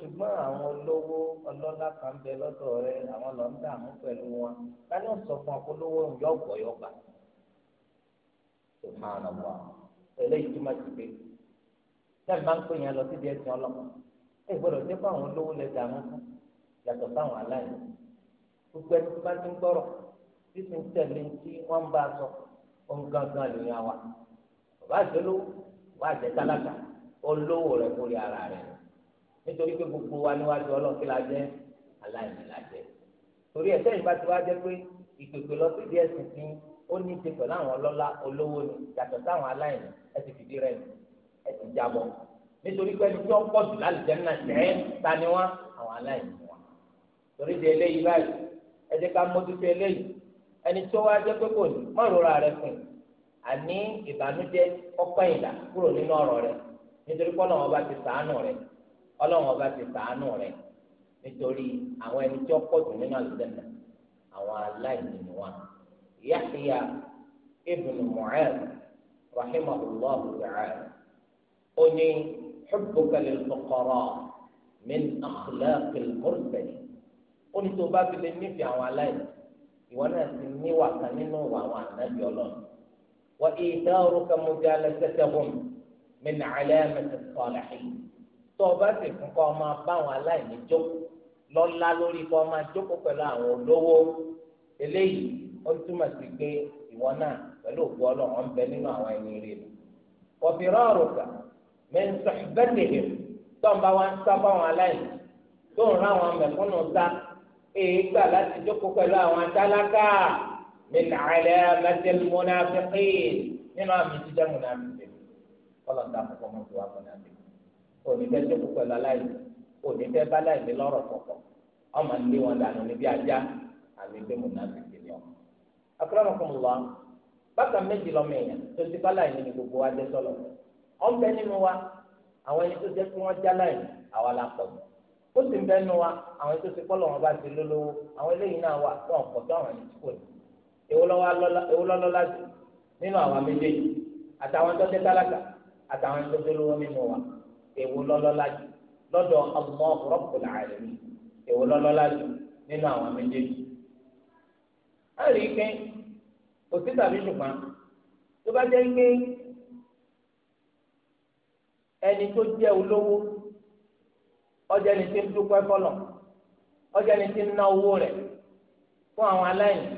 ṣùgbọ́n àwọn olówó ọlọ́lá kan bẹ lọ́dọ̀ rẹ àwọn lọ ń dààmú pẹ̀lú wọn láti sọ fún akólówó yọ gbọ̀yọ̀gbà subhanallah eléyìí túmọ̀ sí pé sẹ́ni máa ń pè yẹn lọ sí díẹ̀ tiwọn lọ́kàn ẹ gbọ́dọ̀ jẹ́ pé àwọn olówó lè dààmú fún yàtọ̀ sáwọn aláìní gbogbo ẹni tó bá ti ń gbọ́rọ̀ tí ti ń tẹ̀lé tí wọ́n bá sọ ohun gangan lèèyàn wa bàbá àjọlówó wà nítorí pé gbogbo wa níwájú ọlọ́run kí la jẹ́ aláìní la jẹ́ torí ẹ̀sẹ̀ yìí bá ti wá jẹ́ pé ìpèpè lọ sí díẹ̀ sì ti ó ní í ṣe pẹ̀lú àwọn ọlọ́lá olówó ni yàtọ̀ sáwọn aláìní ẹ ti fìdí rẹ̀ ẹ ti jábọ̀ nítorí pé ẹni tí wọ́n pọ̀ jù lálùjẹ́ náà jẹ́ ta ni wọ́n àwọn aláìní wọn torí di eléyìí báyìí ẹ jẹ́ ká mójútó eléyìí ẹni tó wá jẹ́ pé kò ní má rora rẹ̀ fún àní ìbànújẹ́ ọpẹ́ ìlà kúrò nínú ọ̀rọ̀ rẹ̀ nítorí pé Ọlọ́run bá ti ṣàánú rẹ̀ ọlọ́run ọba ti sàánù rẹ̀ nítorí àwọn ẹni tí ó pọ̀ jù nínú àlùjànnà àwọn aláìní ni wọn. Yahya ibn Mu'adh rahimahullah ta'ala ó ní hubbuka lil fuqara min akhlaqil mursalin ó ní tó bá fi lè nífẹ̀ẹ́ àwọn aláìní ìwọ náà ti níwà kan nínú àwọn ànábì ọlọ́run wa itharuka mujalasatahum min alamati as-salihin. tó o bá sì fún kọ́ ọ máa bá àwọn aláìní jókòó lọ́lá lórí kọ́ ọ máa jókòó pẹ̀lú àwọn olówó eléyìí ó túmọ̀ sí pé ìwọ náà pẹ̀lú òkú ọlọ́run bẹ nínú àwọn ẹni tó ń bá wa ń sá fáwọn aláìní tó ń rán àwọn mẹ̀kúnnù sá èyí gbà láti jókòó pẹ̀lú àwọn nínú òní fẹ́ tó kú pẹ̀lú aláìní òní fẹ́ bá aláìní lọ́rọ̀ pọ̀pọ̀ ọmọ ní wọn dànù níbi ajá àmì ọ. akọ́lọ́mọkùnmùlá bákan méjì lọ́mọ èèyàn tó ti bá aláìní gbogbo wa jẹ́ sọ́lọ̀ nínú wa àwọn ẹni tó kí já aláìní àwa la wa àwọn ẹni tó ti wọn bá ti lólówó àwọn eléyìí náà wà tó tó àwọn ẹni nínú àwọn méjèèjì àtàwọn tó tálákà èwo lọ́lọ́lá lọdọ lọ́dọ̀ Allahu Rabbul Alamin ewu lọ́lọ́lá jù nínú àwọn a rí i òsì tàbí ṣùgbọ́n tó bá jẹ́ pé ẹni tó jẹ́ olówó ọjà ni tí ń dúpẹ́ fọlọ̀ ọjà ni tí ń ná owó rẹ̀ fún àwọn aláìní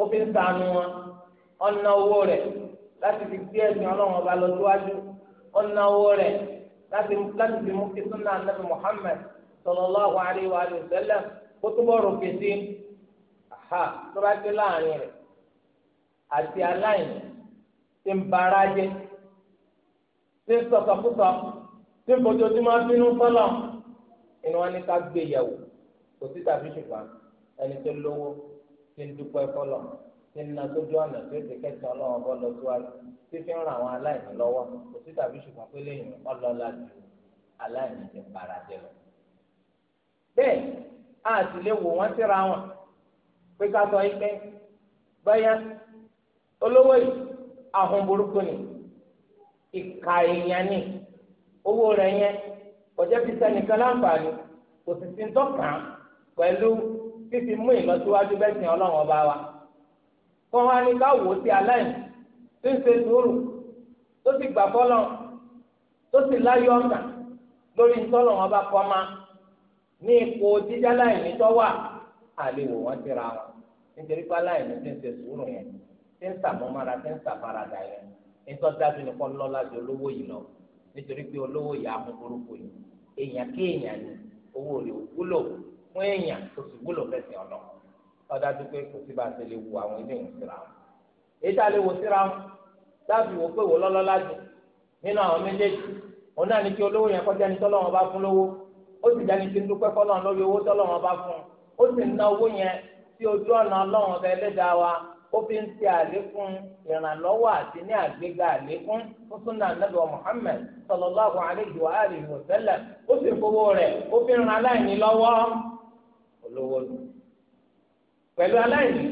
ó fi ń wọn ọ̀nà owó rẹ̀ láti fi gbé ẹ̀sìn ọlọ́run ọba lọ síwájú láti láti fi mú kí sunna anabi muhammed sallallahu alayhi wa sallam kó túbọ̀ rò kété ha tó bá dé láàrin rẹ̀ àti aláìní ti ń bara jẹ ti ń sọsọkúsọ ti ń fojoojúmọ́ bínú sọ́lọ̀ inú wọn ní ká gbé yẹ̀wò kò sí tàbí ṣùgbọ́n ẹni tó lówó ti ń dúpẹ́ fọ́lọ̀ nínú sójú ọ̀nà tí ó ti kẹ́sàn-án náà ọbọ̀ lọ síwájú tí fi ń ran àwọn aláìní lọ́wọ́ kò sí tàbí ṣùgbọ́n pé lẹ́yìn ọlọ́lá ju aláìní ti para jẹ lọ. bẹ́ẹ̀ a sì lè wò wọ́n síra wọn pé ká sọ yín pé báyà olówó yìí ahun burúkú ni ìka èèyàn ni owó rẹ̀ yẹn ọjọ́ fi sẹ́nìkan láǹfààní kò sì sí ń pẹ̀lú fífi mú ìlọsíwájú bẹ́sìn ọlọ́run ọba wa kọ́ wá ní káwọ́ sí aláìní tó ń ṣe sùúrù tó sì gbà fọ́lọ́ tó sì láyọ̀ ọ̀nà lórí ntọ́lọ̀ wọn bá kọ́ ma ní ipò jíjá láìní tó wà àlewò wọn ti ra wọn nítorí pé aláìní ti ń ṣe sùúrù yẹn ti ń sàmúmára ti ń sàfaradà yẹn nítorí dájú ni kọ́ lọ́la ju olówó yìí lọ nítorí pé olówó yìí amúburúkú yìí èèyàn kéèyàn ni owó rẹ̀ wúlò fún èèyàn kò sì wúlò fẹsẹ̀ ọlọ́run ọdájú pé kò sí bá a ṣe lè wo àwọn ilé ìsira wọn èyí tá a lè wo síra wọn láti wò pé wò lọ́lọ́lá jù nínú àwọn méjèèjì òun náà ní kí olówó yẹn kọjá ní tọ́lọ́wọ́n bá fún lówó ó sì dání tí ń dúpẹ́ fọlọ́run lórí owó tọ́lọ́wọ́n bá fún ó sì ń ná owó yẹn sí ojú ọ̀nà ọlọ́run ọba ẹlẹ́dàá wa ó fi ń ṣe àlékún ìrànlọ́wọ́ àti ní àgbéga àlékún fún súnà nàbẹ̀wò Muhammad sallallahu alayhi wa alihi wa sallam ó sì fowó rẹ̀ ó fi ń ran aláìní lọ́wọ́ olówó dùn pẹ̀lú aláìní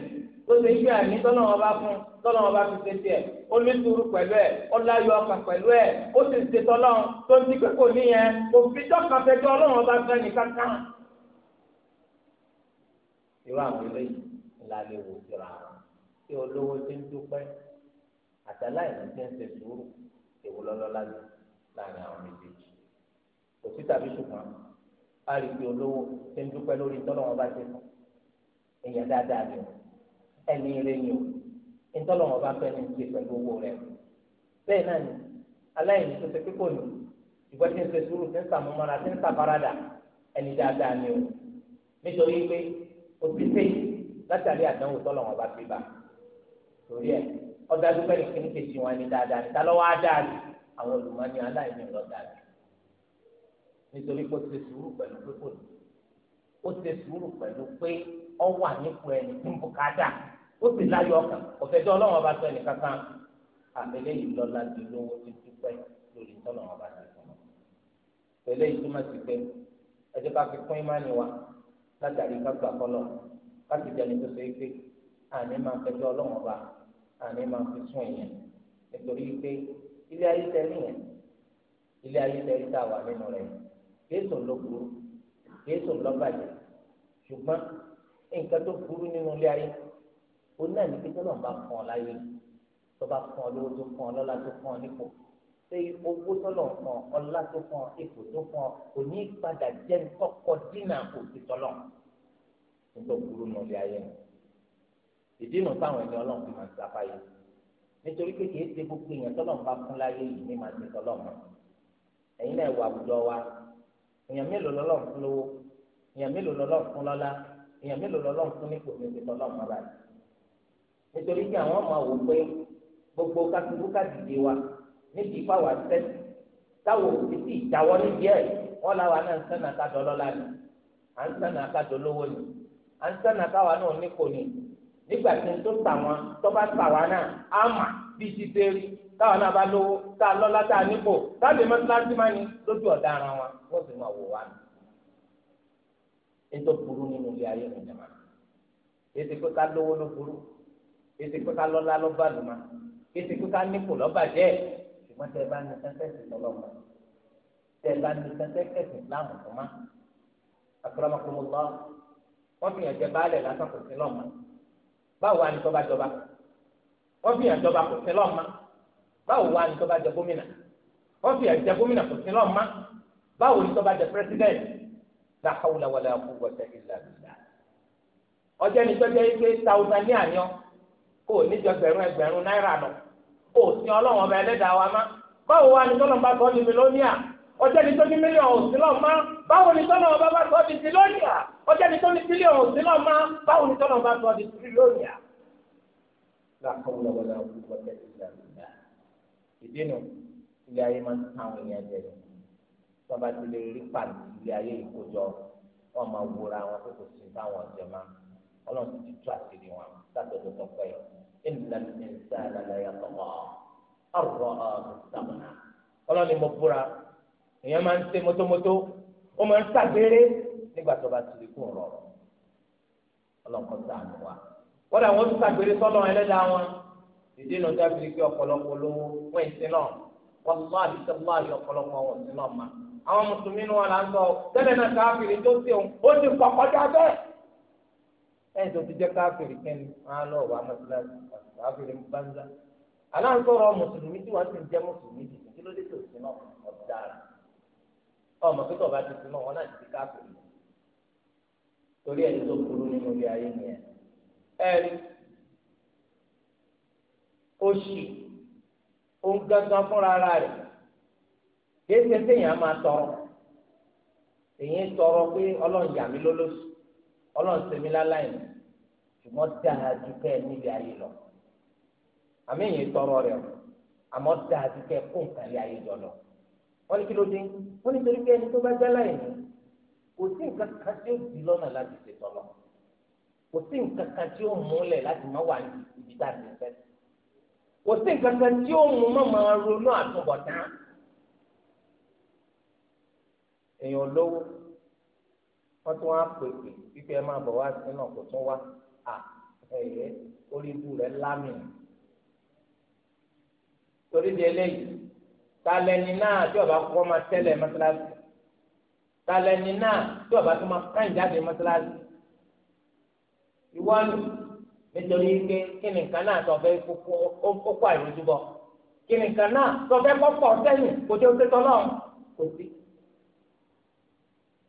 ó ṣe ibi àní tọ́nà wọn bá fún tọ́nà wọn bá fi ṣe tiẹ̀ ó ní sùúrù pẹ̀lú ẹ̀ ó láyọ̀ ọkàn pẹ̀lú ẹ̀ ó sì ṣe tọ́lọ́ tó ń ti pé kò ní yẹn kò fi tọ́kàn fẹjọ́ ọlọ́run ọba fẹ́ ní kankan. irú àwọn eléyìí ńlá lè wò síra wọn tí olówó ti ń dúpẹ́ àtàláìní ti ń ṣe sùúrù èwo lọ́lọ́lá jù láàrin àwọn méjèèjì kò sí tàbí ṣùgbọ́n a rí i pé olówó ti ń dúpẹ́ lórí tọ́lọ́ wọn bá ṣe fún èèyàn dáadáa ni ẹni ire ni o nítorí wọn bá fẹ́ ní ti pẹ̀lú owó rẹ bẹ́ẹ̀ náà ni aláìní tó ṣe kíkò ní ìgbà tí ń ṣe sùúrù tí ń sàmúmọ́ra tí ń sàfaradà ẹni dáadáa ni o nítorí pé òbí sẹ́yìn látàrí àdánwò tọ́lọ̀ bá fi bá torí ẹ ọ̀dájú pẹ̀lú kíní kejì wọn ni dáadáa ni tálọ́wọ́ á dáa ni àwọn olùmọ́ni aláìní lọ dáa ni nítorí pé ó ti sùúrù sùúrù pẹ̀lú pé ọwà nípò ẹni tí ń bò káàdà ó sì láyọ̀ ọkàn ọ̀fẹ́jọ́ ọlọ́run ọba sọ ẹnì kankan àtẹlẹ́ yìí lọ́la ju lówó tí dúpẹ́ lórí tọ́lọ̀ ọba ti fún un tẹ̀lé yìí túmọ̀ sí pé ẹjẹ́ ká fi kún ìmánì wa látàrí kápá kọlọ̀ káàkiri jẹ́ni tó ṣe é pé àní máa fẹjọ́ ọlọ́run ọba àní máa fi sún ìyẹn nítorí pé ilé ayé tẹ níyẹn ilé ayé tẹ tá a wà nínú rẹ̀ kéésùn ló burú kéésùn ṣùgbọ́n nǹkan tó burú nínú ilé ayé òun náà ní pé tọ́lọ̀ ń bá fún ọ láyé tó bá fún ọ lówó tó fún ọ lọ́lá tó fún ọ nípò ṣé owó tọ́lọ̀ ń fún ọ ọlá tó fún ọ ipò tó fún ọ kò ní padà jẹ́ kọ́kọ́ dínà kò sí tọ́lọ̀ nígbà burú nínú ilé ayé nù ìdí nù táwọn ẹni ọlọ́run fi máa ń sapá yìí nítorí pé kìí ṣe gbogbo èèyàn tọ́lọ̀ bá fún láyé yìí ní màá ti tọ́lọ̀ mọ́ ẹ̀yin náà wà àwùjọ wa èèyàn mélòó lọ́lọ́run èèyàn mélòó lọ́lọ́run fún nípò níbi tọ́lọ́run máa báyìí nítorí pé àwọn ọmọ wò pé gbogbo kátìkú kátìdé wa níbi ipá wa tẹ́ táwọn òbí sì jáwọ́ níbi ẹ̀ wọ́n láwa náà ń sẹ́nà kájọ lọ́la ni à ń sẹ́nà kájọ lówó ni à ń sẹ́nà káwa náà nípò ni nígbà tí n tó tà wọn tó bá tà wá náà á mà bíi ti tẹ́rí táwa náà bá lówó tá a lọ́lá tá a nípò tábìlì mọ́tíláṣí má ni lójú ọ̀daràn wọn wọ́n sì máa wò wá ni ètò burú nínú ilé ayé mi jàmá ètò pé ká lówó ló burú ètò pé ká lọ́lá ló bá lùmá ètò pé ká nípò lọ́bàjẹ́ ṣùgbọ́n tẹ bá ní sẹ́ńtẹ́sì lọ́lọ́mọ tẹ bá ní sẹ́ńtẹ́sì láàmú fún ma àkàràmọ́kùnmọ́ wọ́n fi hàn jẹ baálẹ̀ lásán kò sí lọ́mọ báwo wà ní tọ́ba jọba wọ́n fi hàn jọba kò sí lọ́mọ báwo wà ní tọ́ba jẹ gómìnà wọ́n fi hàn gómìnà kò sí lọ́mọ báwo ní tọ́ba jẹ pírẹsidẹ́ntì la hawla wala quwwata illa billah ọjọ́ ní pẹ́pẹ́ yìí pé tàwùsàn ní àyàn kò níjọ ẹgbẹ̀rún ẹgbẹ̀rún náírà nù kò sí ọlọ́run ọba ẹlẹ́dàá wa má báwo wá ní tọ́lọ̀ bá tọ́ ní mílíọ̀nìà ọjọ́ ní tó ní mílíọ̀nù òsínlọ̀ má báwo ní tọ́lọ̀ ọba bá tọ́ di mílíọ̀nìà ọjọ́ ní tó ní mílíọ̀nù òsínlọ̀ má báwo ní tọ́lọ̀ bá tọ́ di mílíọ̀nìà. ìdí nu ilé ayé máa ń tàn àwọn èèyàn jẹ tọ́ba ti lè rí pàdé ilé ayé ìkójọ wọn máa wúra wọn kó kò sí táwọn ọ̀jẹ̀ máa ọlọ́run ti tú àṣírí wọn látọ̀dọ̀ tọpẹ́ ìlànà ìṣẹ́ àlàyé tọ̀wọ́ ọ̀rọ̀ ọ̀sàmùnà ọlọ́run ni mo búra èèyàn máa ń ṣe mọ́tómọ́tó ó máa ń ṣàgbére nígbà tọ́ba ti lè kó rọrùn ọlọ́run kọ́ sáà nù wa wọ́n dà wọ́n tún ṣàgbére sọ́lọ́ ẹlẹ́dàá wọn ìdí inú tó kí ọ̀pọ̀lọpọ̀ lówó wọ́n ìsìn náà wọ́n lọ́ àdìsẹ́ lọ́ àdìsẹ́ ọ̀pọ̀lọpọ̀ wọn ìsìn náà máa àwọn mùsùlùmí ni wọn là ń sọ tẹ́lẹ̀ náà káfíìrì tó ṣe òun ó ti pọ̀ kọjá bẹ́ẹ̀ ẹ̀yìn tó ti jẹ́ káfíìrì kẹ́ni máa lọ wà mọ́sálásí káfíìrì gbáńdá aláǹsọ̀rọ̀ mùsùlùmí tí wọ́n ti ń jẹ́ mùsùlùmí jìbìtì kí ló dé tó sí náà ọ̀dára ọmọ pé tọ́ba ti sí náà wọn náà ti káfíìrì torí ẹni tó burú nínú ilé ayé nìyẹn ẹni ó ṣì ó ń gángan fúnra rẹ̀ kéésì téèyàn máa tọrọ èyí tọrọ pé ọlọ́run yà mí lólóṣù ọlọ́run sèmi láláì ṣùgbọ́n dáa ju kẹ́ ẹ níbi ayé lọ àmì èyí tọrọ rẹ o àmọ́ dáa ju kẹ́ ẹ kó nǹkan lé ayé jọ lọ wọ́n ní kí ló dé wọ́n ní torí pé ẹni tó bá já láì ní kò sí nǹkan kan tí ó di lọ́nà láti ṣètò lọ kò sí nǹkan kan tí ó múlẹ̀ láti má wà ní ibi tá a ti fẹ́ kò sí nǹkan kan tí ó mú mọ́ máa ronú àtúbọ̀tán èèyàn lówó wọ́n tún wá pèpè pípẹ́ ẹ máa bọ̀ wá sí náà kò tún wá à ẹ̀yẹ orí ibu rẹ̀ lámì torí di eléyìí talẹni náà tí ọba kọ́ máa tẹ́lẹ̀ mọ́sálásí talẹni náà tí ọba tó máa kàn jáde mọ́sálásí ìwọ ni nítorí pé kí ni nǹkan náà tó fẹ́ kókó àìrójúbọ kí ni náà tó fẹ́ kọ́kọ́ sẹ́yìn kò tó ṣe tọ́lọ́ kò sí.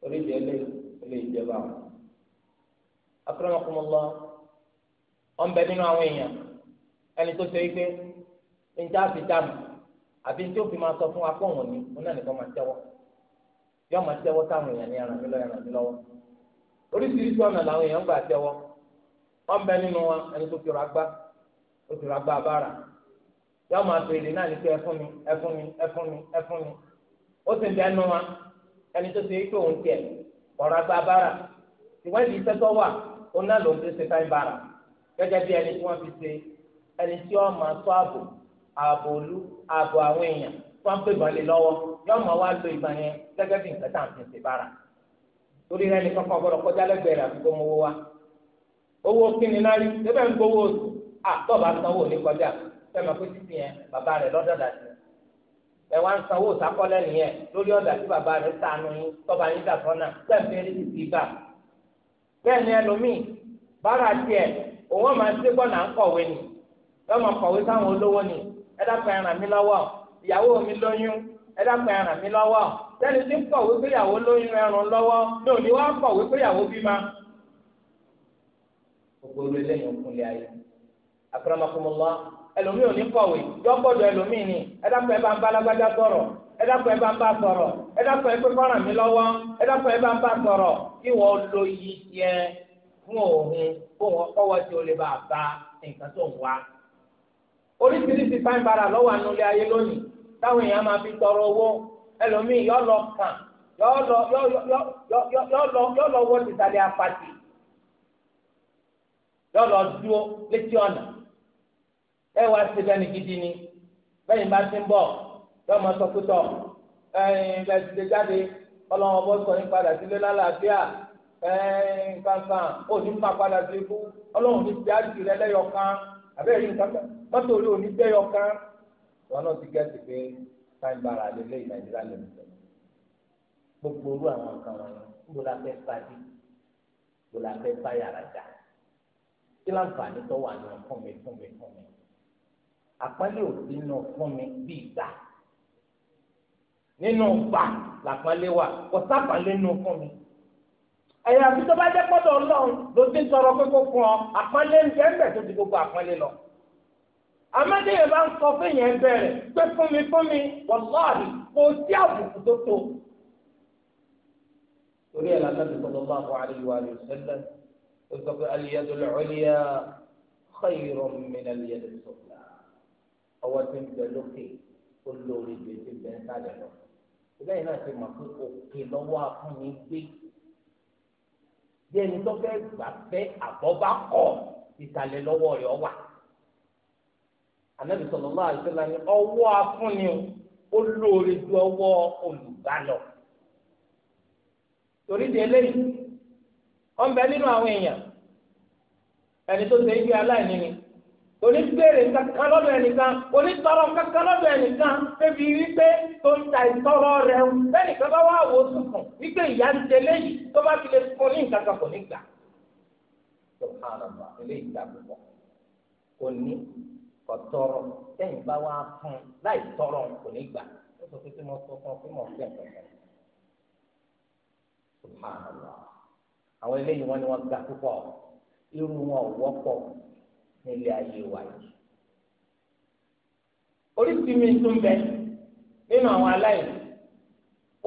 oríṣi eléyìí eléyìí jẹba o akọrọmọkọmọlọ ọmọbẹ nínú àwọn èèyàn ẹni tó ṣe wípé níta fi dànù àbí tí ó máa sọ fún wa pọ̀wọ̀n ni wọn náà nìkan máa tẹ́wọ́ yóò máa tẹ́wọ́ táwọn èèyàn ní mi lọ́wọ́ ẹran mi lọ́wọ́ oríṣiríṣi ọ̀nà làwọn èèyàn gbà tẹ́wọ́ nínú ẹni tó fi tó fi abára máa tó náà ní pé mi mi mi mi ẹni tó ṣe é pé òun tiẹ̀ ọ̀rọ̀ agbábára ìwádìí iṣẹ́ tó wà ó náà ló ń ṣe ṣe fáin bára gẹ́gẹ́ bí ẹni tí wọ́n fi ṣe ẹni tí ó máa tó ààbò ààbò olú ààbò àwọn èèyàn tó ń pè bọ́lé lọ́wọ́ yóò máa wá lo ìgbà yẹn gẹ́gẹ́ bí nǹkan tá à ń fi ṣe bára torí rẹ ní kankan gbọ́dọ̀ kọjá lẹ́gbẹ̀ẹ́ rẹ àti kó mowó wa owó kíni náà rí ṣé bẹ́ẹ̀ ń gbowó àtọ́ba sanwó ní kọjá fẹ́ẹ́ ẹ wá ń sanwó sákọ́lẹ̀ nìyẹn lórí ọ̀dà tí bàbá rẹ̀ sànù yín tọ́ba yín dàtọ́ náà gbẹ̀fẹ́ rí ti gbà. bẹ́ẹ̀ ni ẹlòmíì bára tiẹ̀ òun ọmọ ẹsẹ̀ gbọ́n náà ń kọ̀wé ni lọ́mọ kọ̀wé sáwọn olówó ni ẹ dákun ẹ ràn mí lọ́wọ́ ìyàwó mi lóyún ẹ dákun ẹ ràn mí lọ́wọ́ sẹ́ni tí ń kọ̀wé pé ìyàwó lóyún ẹrùn lọ́wọ́ ní òní wá kọ̀wé pé ìyàwó bímọ. gbogbo orí ẹlòmíì ò ní kọ̀wé yọ́pọ̀dọ̀ ẹlòmíì ni ẹ̀dàpọ̀ ẹ̀ bá ń bá alágbájá sọ̀rọ̀ ẹ̀dàpọ̀ ẹ̀ ń bá sọ̀rọ̀ ẹ̀dàpọ̀ fọ́nrán mi lọ́wọ́ ẹ̀dàpọ̀ ń bá sọ̀rọ̀ kí wọ́n lo yẹ fún òun wọn kọ́wọ́ tí o a bá nǹkan tó ń wá. oríṣiríṣi lọ́wọ́ anulẹ̀ ayé lónìí táwọn èèyàn máa tọrọ ẹ wá ṣe bẹ́ẹ̀ ni gidi ni bẹ́ẹ̀ ni bá ti ń bọ̀ yóò máa sọ pé tọ̀ ẹ̀ẹ́n bẹ́ẹ̀ ti lè jáde ọlọ́wọ́n bọ́ sọ nípa padà sílé lálàáfíà ẹ̀ẹ́n kankan ó ní máa padà sí ikú ọlọ́wọ́n ti ti àjù rẹ lẹ́yọ kan àbẹ́rẹ́ yìí nǹkan mọ́tò orí òní bẹ́yọ kan wọn náà ti gẹ́sì pé táyì bára lélẹ́ Nàìjíríà lè mú gbogbo orú àwọn kan wọn gbogbo la fẹ́ pàdé kí láǹfààní tó wà ní ọkùnrin fún mi fún mi àpọ́nlé ò sí nù fún mi bí ìgbà nínú gbà làpọ́nlé wà kò sápọ́nlé nù fún mi ẹ̀yà àti tó bá jẹ́ pọ́dọ̀ ọlọ́run ló ti ń tọrọ pé kó fún ọ àpọ́nlé ń bẹ́ẹ̀ bẹ́ẹ̀ tó ti gbogbo àpọ́nlé lọ amadeye bá ń sọ fún yẹn bẹ̀rẹ̀ pé fún mi fún mi wàláàbí kò sí àbùkù tó tó. torí ẹ̀ lásán ti bá àwọn àríwá rẹ̀ sẹ́lẹ̀ ó sọ pé ọwọ́ tí ń bẹ lókè ó lórí ju tí ń bẹ nísàlẹ̀ lọ lẹ́yìn náà ti mọ̀ pé òkè lọ́wọ́ afúnni gbé bí ẹni tó fẹ́ gbà fẹ́ àbọ̀bá kọ̀ ìsàlẹ̀ lọ́wọ́ rẹ̀ ní ọwọ́ afúnni ó ju onígbèrè kankan lọ́dọ̀ ẹnìkan onítọrọ kankan lọ́dọ̀ ẹnìkan bébí wípé tó ń ta ìtọrọ rẹ ń bẹ́ẹ̀ni kan bá wà wò sùkùn wípé ìyá ń jẹ léyìí tó bá fi lè fún ní nǹkan kan kò ní gbà. sọ̀hánàmà eléyìí dà púpọ̀ kò ní kò tọrọ sẹ́yìn bá wà fún láì tọrọ kò ní gbà ó sọ pé kí mo sọ fún ọ pé mo fẹ́ kankan. sọ̀hánàmà àwọn eléyìí wọn ni wọn nílé ayé wa yìí. oríṣi mi tún bẹ nínú àwọn aláìní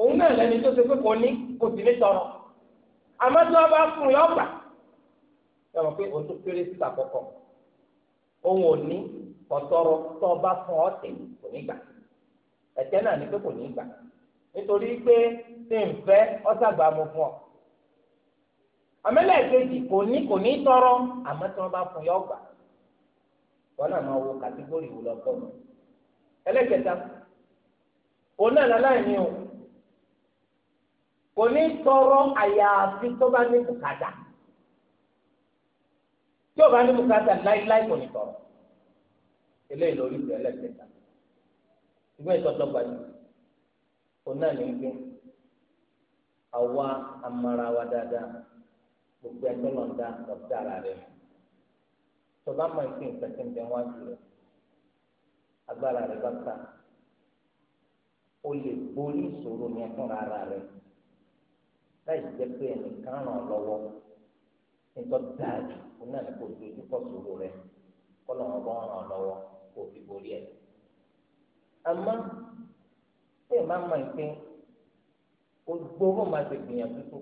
òun náà lẹni tó ṣe pé kò ní kò sí ní tọrọ àmọ́ tí wọ́n bá fún yọ gbà ẹ mọ̀ pé òun tó kéré síta kọ̀kọ̀ òun ò ní kọ̀tọ́rọ̀ tó bá fún ọ tẹ̀ kò ní gbà ẹ̀tẹ́ náà ni pé kò ní gbà nítorí pé ṣé n fẹ́ ọ́sàgbà mo fún ọ àmẹ́lẹ́ẹ̀kejì kò ní kò ní tọrọ àmọ́ tí wọ́n bá fún yọ gbà wọn náà máa wo kàtígórì wò lọ bọ́ọ̀lù ẹlẹ́kẹta òun náà láláìní o kò ní tọrọ àyàfi tó bá ní bùkátà tí o bá ní bùkátà láíláí kò ní tọrọ eléyìí lórí ìlú ẹlẹ́kẹta ìgbẹ́ ìtọ́jọba yìí òun náà ní gbé àwa amarawa dáadáa gbogbo ẹgbẹ́ lọ́ńdà lọ́ọ́ dára rẹ̀ mọ́ tọba máa ń fi nǹkan tí ń bẹ wá jù lọ agbára rẹ bá ta o lè borí ìṣòro yẹn fúnra ara rẹ láì jẹ pé ẹnìkan ràn lọ́wọ́ nítorí dáa jù kó náà kò dojú kọ ìṣòro rẹ kó lọ́wọ́ bọ́ ràn lọ́wọ́ kó fi borí ẹ̀. àmọ́ tí ẹ máa mọ̀ pé gbogbo bó máa ṣe gbìyànjú tó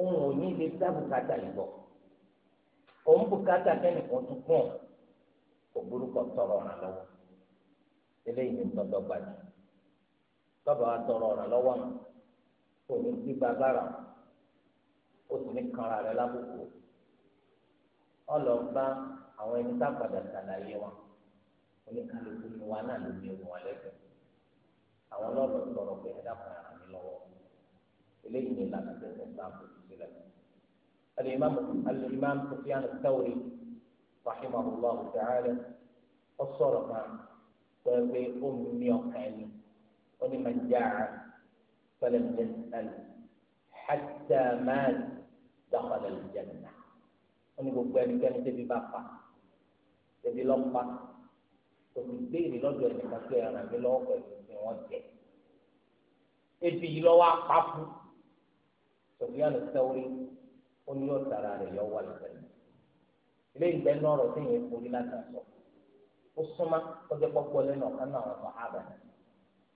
ohun ò lè dábùkátà ìbọn. òun bùkátà kẹ́nìkan tún kún ọ̀ kò burúkọ tọrọ ọ̀ràn lọ́wọ́ eléyìí ní tọ́jọ́ wa tọrọ ọ̀ràn lọ́wọ́ mọ́ kò ní gbígba bára ó sì ní kanra rẹ lábùkù ọlọ́ọ̀bá àwọn ẹni tá a padà sàlàyé wọn oníkàlùkù ni wa náà ló ní ewu wọn lẹ́sẹ̀ àwọn tọrọ pé الإمام الإمام سفيان الثوري رحمه الله تعالى الصرف بأميه ولمن جاع فلم يسأل حتى مات دخل الجنة أنا بقول كان تبي بقى تبي لقى تبي لقى لقى لقى لقى لقى لقى لقى لقى لقى لقى لقى لقى ó ní ọ̀tara rẹ̀ yọ wà lẹ́sẹ̀rẹ̀ ilé ìgbẹ́ lọ́rọ̀ tí yẹn forí láti sọ ó súnmá kọjá pọ́pọ́ lẹ́nu ọ̀kan náà wọn sàhábà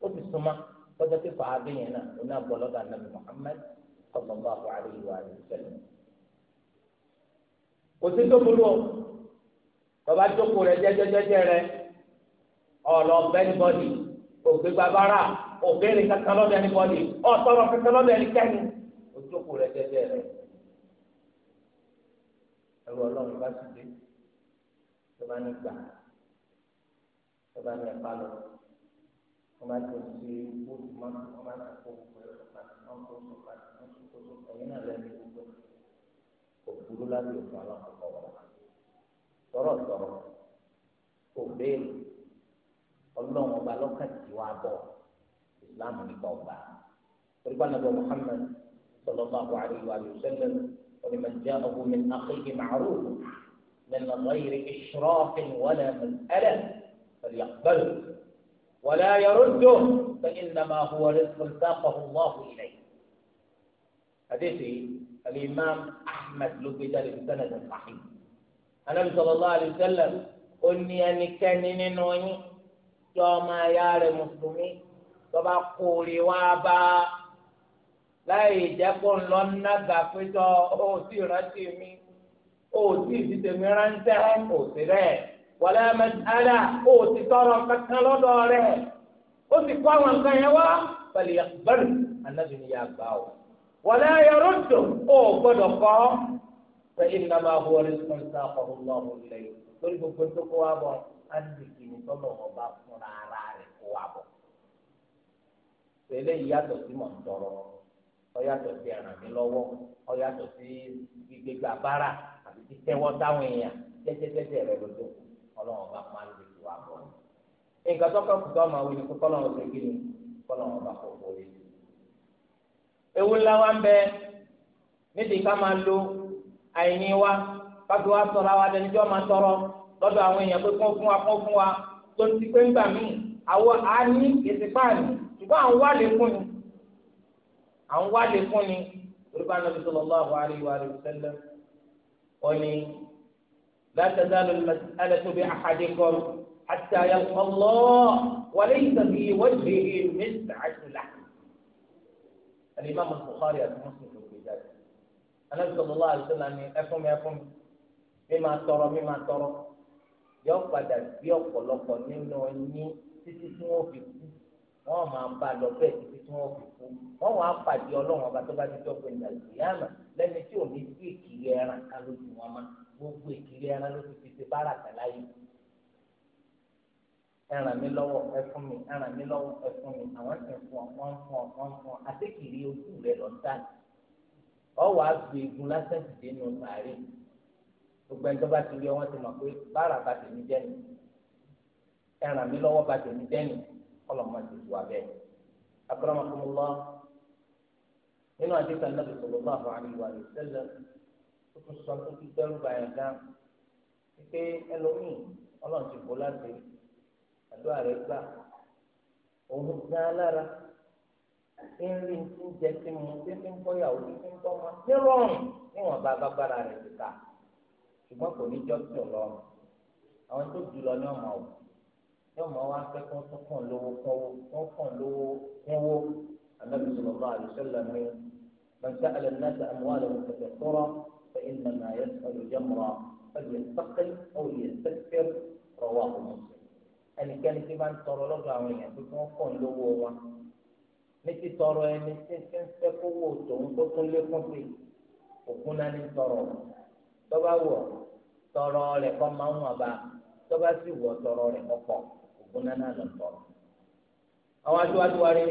ó sì súnmá kọjá pé fàábì yẹn náà ó náà gbọ́ lọ́dọ̀ anábì Muhammad sallallahu alaihi wa kò sí tó burú bàbá jókòó rẹ jẹjẹjẹjẹ rẹ ọ̀rọ̀ bẹ́ẹ̀ bọ́dì ògbé babara òbéèrè kankan lọ́dọ̀ ẹni bọ́dì ọ̀tọ̀rọ̀ ẹrú ọlọ́run bá sì dé tó bá ní gbà tó bá ní ẹ̀fà lọ wọ́n bá tó ṣe kóòtù máa tó wọ́n bá tó kó gbogbo ẹ̀rọ pàtó wọ́n kó tó pàtó wọ́n tó kó tó ẹ̀yìn náà lẹ́nu gbogbo kò burú òkú ọlọ́run kọ̀ wọ́n tọrọ kò béèrè ọlọ́run ọba lọ́kàtì wa bọ̀ ìsìlámù nípa ọba torí pé ànábì Muhammad sallallahu alaihi wa sallam. ولمن جاءه من أخيه معروف من غير إشراف ولا مسألة فليقبله ولا يرده فإنما هو رزق ساقه الله إليه حديث الإمام أحمد لبد بسند صحيح النبي صلى الله عليه وسلم قل أني يعني كان ننوني يوم يا المسلمين تبقوا قولي وابا láì jẹ́ kó ń lọ nága péjọ ó sì rántí mi ó sì fi tèmi ránṣẹ́ kò sí rẹ̀ wọlé mẹ́tàlá ó ti tọrọ kankan lọ́dọ̀ rẹ̀ ó sì kó àwọn nǹkan yẹn wá pẹ̀lú yàgbẹ́rù anábì ni yà gbà ó wọlé ayọ̀rọ̀ dùn ó gbọ́dọ̀ kọ́ pé ìnáwó àwọn orísun sáfà ọlọ́run lẹ́yìn lórí gbogbo tó kó wá bọ̀ ánìkì ní tọ́lọ̀ ọba fúnra ara rẹ̀ kó wá bọ̀ ọyàtọ̀ sí ẹ̀ràn mi lọ́wọ́ ọyàtọ̀ sí gbígbégbá bára àti títẹ́wọ́ táwọn èèyàn tẹ́tẹ́tẹ́tẹ́ rẹ lójó ọlọ́run ọba máa ń lè tó wà bọ̀. nǹkan tó kàn kùtọ́ máa wí ni kókó ọlọ́run ṣe kí ni kọ́lọ́run ọba kò wọlé. ewu ńlá wa ń bẹ níbi ká máa lo àìní wa káfí wa sọ̀rọ̀ àwọn adẹnijọ́ máa tọrọ lọ́dọ̀ àwọn èèyàn pé kún fún wa kún fún wa tó ti pé ńgbà míì àwọn àní ètè páàní ṣùgbọ́n àwọn wà lè fún ni à ń wá lè fún ni orúkọ anabi sallallahu alayhi wa sallam ó ní la tazalu al-mas'alatu bi ahadikum hatta yalqa Allah wa laysa fi wajhihi miz'atu lahm al-imam al-bukhari àti muslim ló gbé jáde anabi sallallahu alayhi wa sallam ni ẹ fún mi ẹ mi mi máa tọrọ mi máa tọrọ yọ padà bí ọ̀pọ̀lọpọ̀ nínú yín títí tí wọ́n fi kú wọ́n máa bá lọ bẹ́ẹ̀ tí wọ́n fi fún wọn wàá pàdé ọlọ́run ọba tó bá ti tọ́ pé nàìjíríà lẹ́ni tí ò ní sí ìkiri ẹran kan lójú wọn gbogbo ìkiri ẹran ló ti fi ṣe bára ẹran mi mi ẹran mi mi àwọn ti ń fún ọ ń fún ọ ń fún ọ ojú rẹ lọ sáà ọ wàá gbé egun dé ẹran mi akramakum Allah nínú àdéhùn anábì sallallahu alaihi wa sallam ó tún sọ ó ti dẹ́rù báyìí gan pé ẹlòmíì ọlọ́run ti bò láti àdúrà rẹ̀ gbà òun gan lára ìrì ti ń jẹ sí mu tí ti ń bọ́ ìyàwó tí ti ń bọ́ ọmọ tí rọrùn níwọ̀n bá agbára rẹ̀ ti ta ṣùgbọ́n kò ní jọ́ sí ọlọ́run àwọn tó jù lọ ní ọmọ ọ̀hún yóò máa wá pẹ́ kó tún kàn lówó kọ́wó kó kàn lówó kọ́wó anábì sọ̀rọ̀ bá àlùsọ̀lá mi bàtà àlẹ́ náà ti àmúwá lọ kẹ̀kẹ́ tọ́rọ̀ fẹ́ iná náà yẹ sọ̀rọ̀ jẹ́ mọ́ra fẹ́lẹ̀ sọ́kẹ́ ọ̀rọ̀ yẹ sẹ́kẹ́ rọwà ọ̀mọ̀ ẹnikẹ́ni tí bá ń tọrọ lọ́dọ̀ àwọn èèyàn pé wọ́n kàn lówó wa ní ti tọrọ ẹni tí ń fẹ́ kówó tòun tó tún lékún sí òkun náà ní tọrọ tọ́ba wọ̀ tọrọ rẹ̀ kọ́ máa ń wọ̀ bá tọ́ba sì wọ̀ tọrọ rẹ̀ kọ́ pọ̀ ọ̀nà náà lọ pọ̀. àwọn aṣáájú wa rí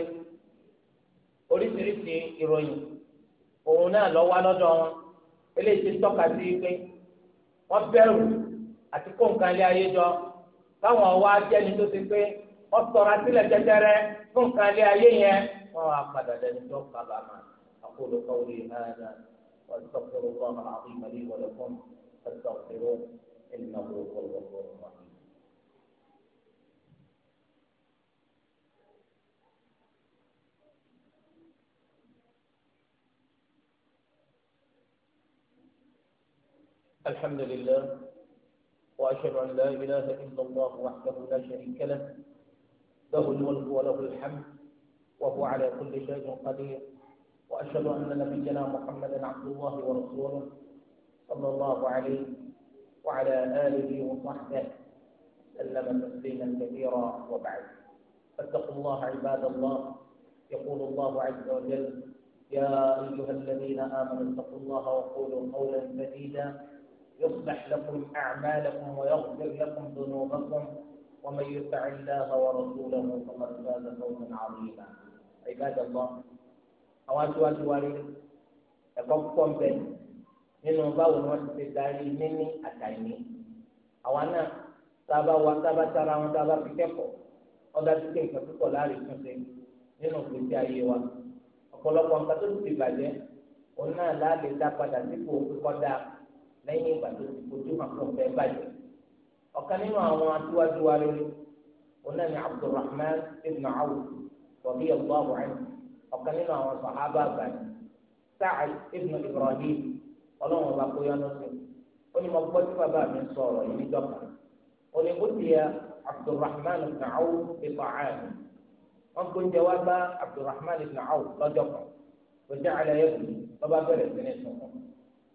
oríṣiríṣi ìròyìn òun náà lọ wá lọ́dọ̀ wọn eléyìí ti tọ́ka sí pé wọ́n bẹ̀rù àti kó nǹkan ilé ayé jọ káwọn wá jẹ́ni tó ti pé wọ́n sọ̀rọ̀ sílẹ̀ tẹ́tẹ́rẹ́ fún nǹkan ilé ayé yẹn wọ́n wá padà lẹ́ni tó kábàámà àkóso kọ́wé náà واستغفر الله العظيم لي ولكم فاستغفروه انه هو الغفور الرحيم الحمد لله وأشهد أن لا إله إلا الله وحده لا شريك له له الملك وله الحمد وهو على كل شيء قدير وأشهد أن نبينا محمدا عبد الله ورسوله صلى الله عليه وعلى آله وصحبه سلم تسليما كثيرا وبعد فاتقوا الله عباد الله يقول الله عز وجل يا أيها الذين آمنوا اتقوا الله وقولوا قولا سديدا يصلح لكم أعمالكم ويغفر لكم ذنوبكم ومن يطع الله ورسوله فقد فاز فوزا عظيما عباد الله أوات واتوالي أقوم به nínú báwo ni wọ́n ti ṣe darí níní àtàìní àwa náà tába wa tába tara wọn tába fi kẹ́kọ̀ọ́ ọ̀dà tí kò nǹkan púpọ̀ láàrin fún ṣe nínú ìgbésí ayé wa ọ̀pọ̀lọpọ̀ nǹkan tó ti bàjẹ́ òun náà láàlè dá padà sípò kíkọ́ dáa lẹ́yìn ìgbà tó ti kojú àpò ọ̀fẹ́ bàjẹ́ ọ̀kan nínú àwọn atiwájú wa lórí onáni abdulrahman ibn awf radiyallahu anhu ọ̀kan nínú àwọn sàhábà bàjẹ́ sa'ad ibn ibrahim ọlọ́run ọba kó yánú sí ó ní mo gbọ́ tí bàbá mi sọ̀rọ̀ yìí níjọba ó ní ó ti yẹ abdulrahman ibn awf ipa ààrẹ wọn kò ń jẹ wá bá abdulrahman ibn awf lọ́jọ́ kan ó jẹ́ àlàyé kù lọ́ba bẹ̀rẹ̀ sí ní sọ̀rọ̀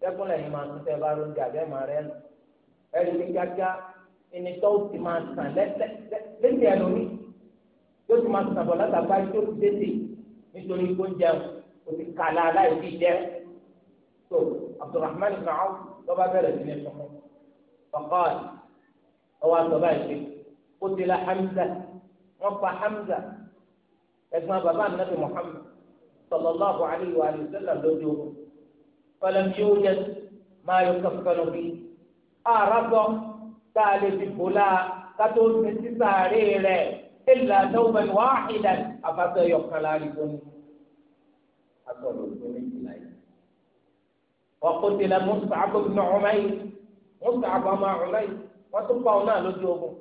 sẹ́kùn lẹ́yìn máa tún tẹ́ bá ló ń jà bẹ́ẹ̀ máa rẹ́ nù ẹ̀rí ní gágá ìnitọ́ ó ti máa sàn lẹ́sẹ̀ lẹ́sẹ̀ ẹ̀ lómi yóò ti máa sàn bọ̀ látàgbá yóò ti tètè nítorí kó jẹun kò ti kàlà aláì fi jẹ tó Abdulrahman ibn Awf lọ́ba sí ní sọ́kọ́ faqal ọwọ́ àtọ́ba ìṣe kó ti la Hamza wọ́n pa Hamza ẹ̀gbọ́n bàbá Ànábì Muhammad sallallahu alayhi wa sallam lójú ogun. فلم يوجد ما يكفن به أعرض ثالث فلا كتوز من تساريره إلا ثوبا واحدا أفضل يقلال بني أقول بني وقتل مصعب بن عمير مصعب مع عمير وتبقى هنا لجوبه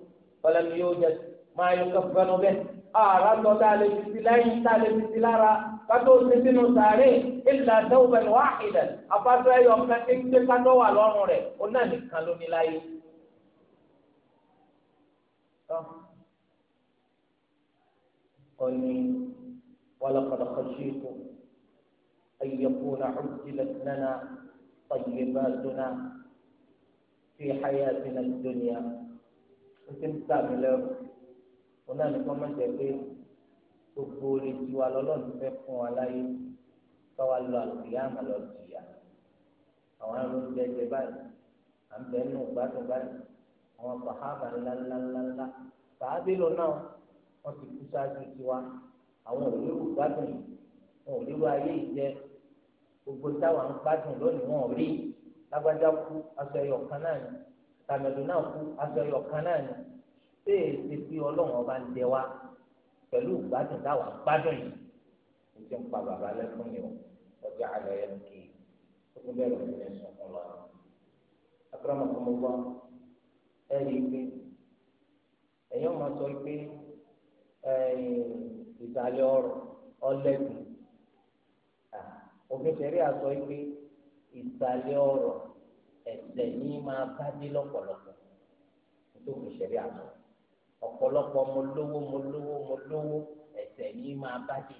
فلم يوجد ما يكفن به ààrà lọ tá a lè fi si láyé tá a lè fi si lára kátó ṣe sínú sàárè ìlà dẹ́wọ̀bẹ̀n wá ìlẹ̀ afáfẹ́ ẹ̀yọ kan tí ń gbé kátó wà lọ́rùn rẹ̀ ó náà nìkan ló ní láyé. ó ní ولقد خشيت أن يكون عجلت لنا طيباتنا في حياتنا الدنيا. أنت wọn náà ní kọ́ máa jẹ pé gbogbo orí tiwa lọ́lọ́run fẹ́ fún wa láyé káwa lọ àlùkìyàmà lọ jìyà àwọn arúgbó jẹjẹ báyìí à ń bẹ́ẹ̀ nù gbádùn báyìí àwọn sàhábà ńláńláńláńlá sàábì lọ náà wọ́n ti kú sáájú tiwa àwọn òlérò gbádùn yìí wọn ò ayé ìjẹ gbogbo táwa ń gbádùn lónìí wọn rí lágbájá kú aṣọ ẹyọ kan náà ni tàmẹ̀dù náà kú aṣọ ẹyọ kan náà ni ṣé èsì pé ọlọ́run ọba ń dẹ wá pẹ̀lú ìgbádùn táwa gbádùn yìí ó ti ń pa bàbá lẹ́kùn ni ó ọjà àlọ́ yẹn kì í ó tún bẹ̀rẹ̀ sí ní sunkún lọ. akọ́nàmọ́ kan mo gbọ́ ẹ rí i pé ẹ̀yàn máa sọ pé ìsàlẹ̀ ọ̀rọ̀ ọlẹ́gùn òfin ṣẹ̀rí àsọ pé ìsàlẹ̀ ọ̀rọ̀ ẹ̀sẹ̀ ní máa bá dé lọ́pọ̀lọpọ̀ tó fi àsọ ọ̀pọ̀lọpọ̀ mo lówó mo lówó mo lówó ẹ̀sẹ̀ yìí máa bá dé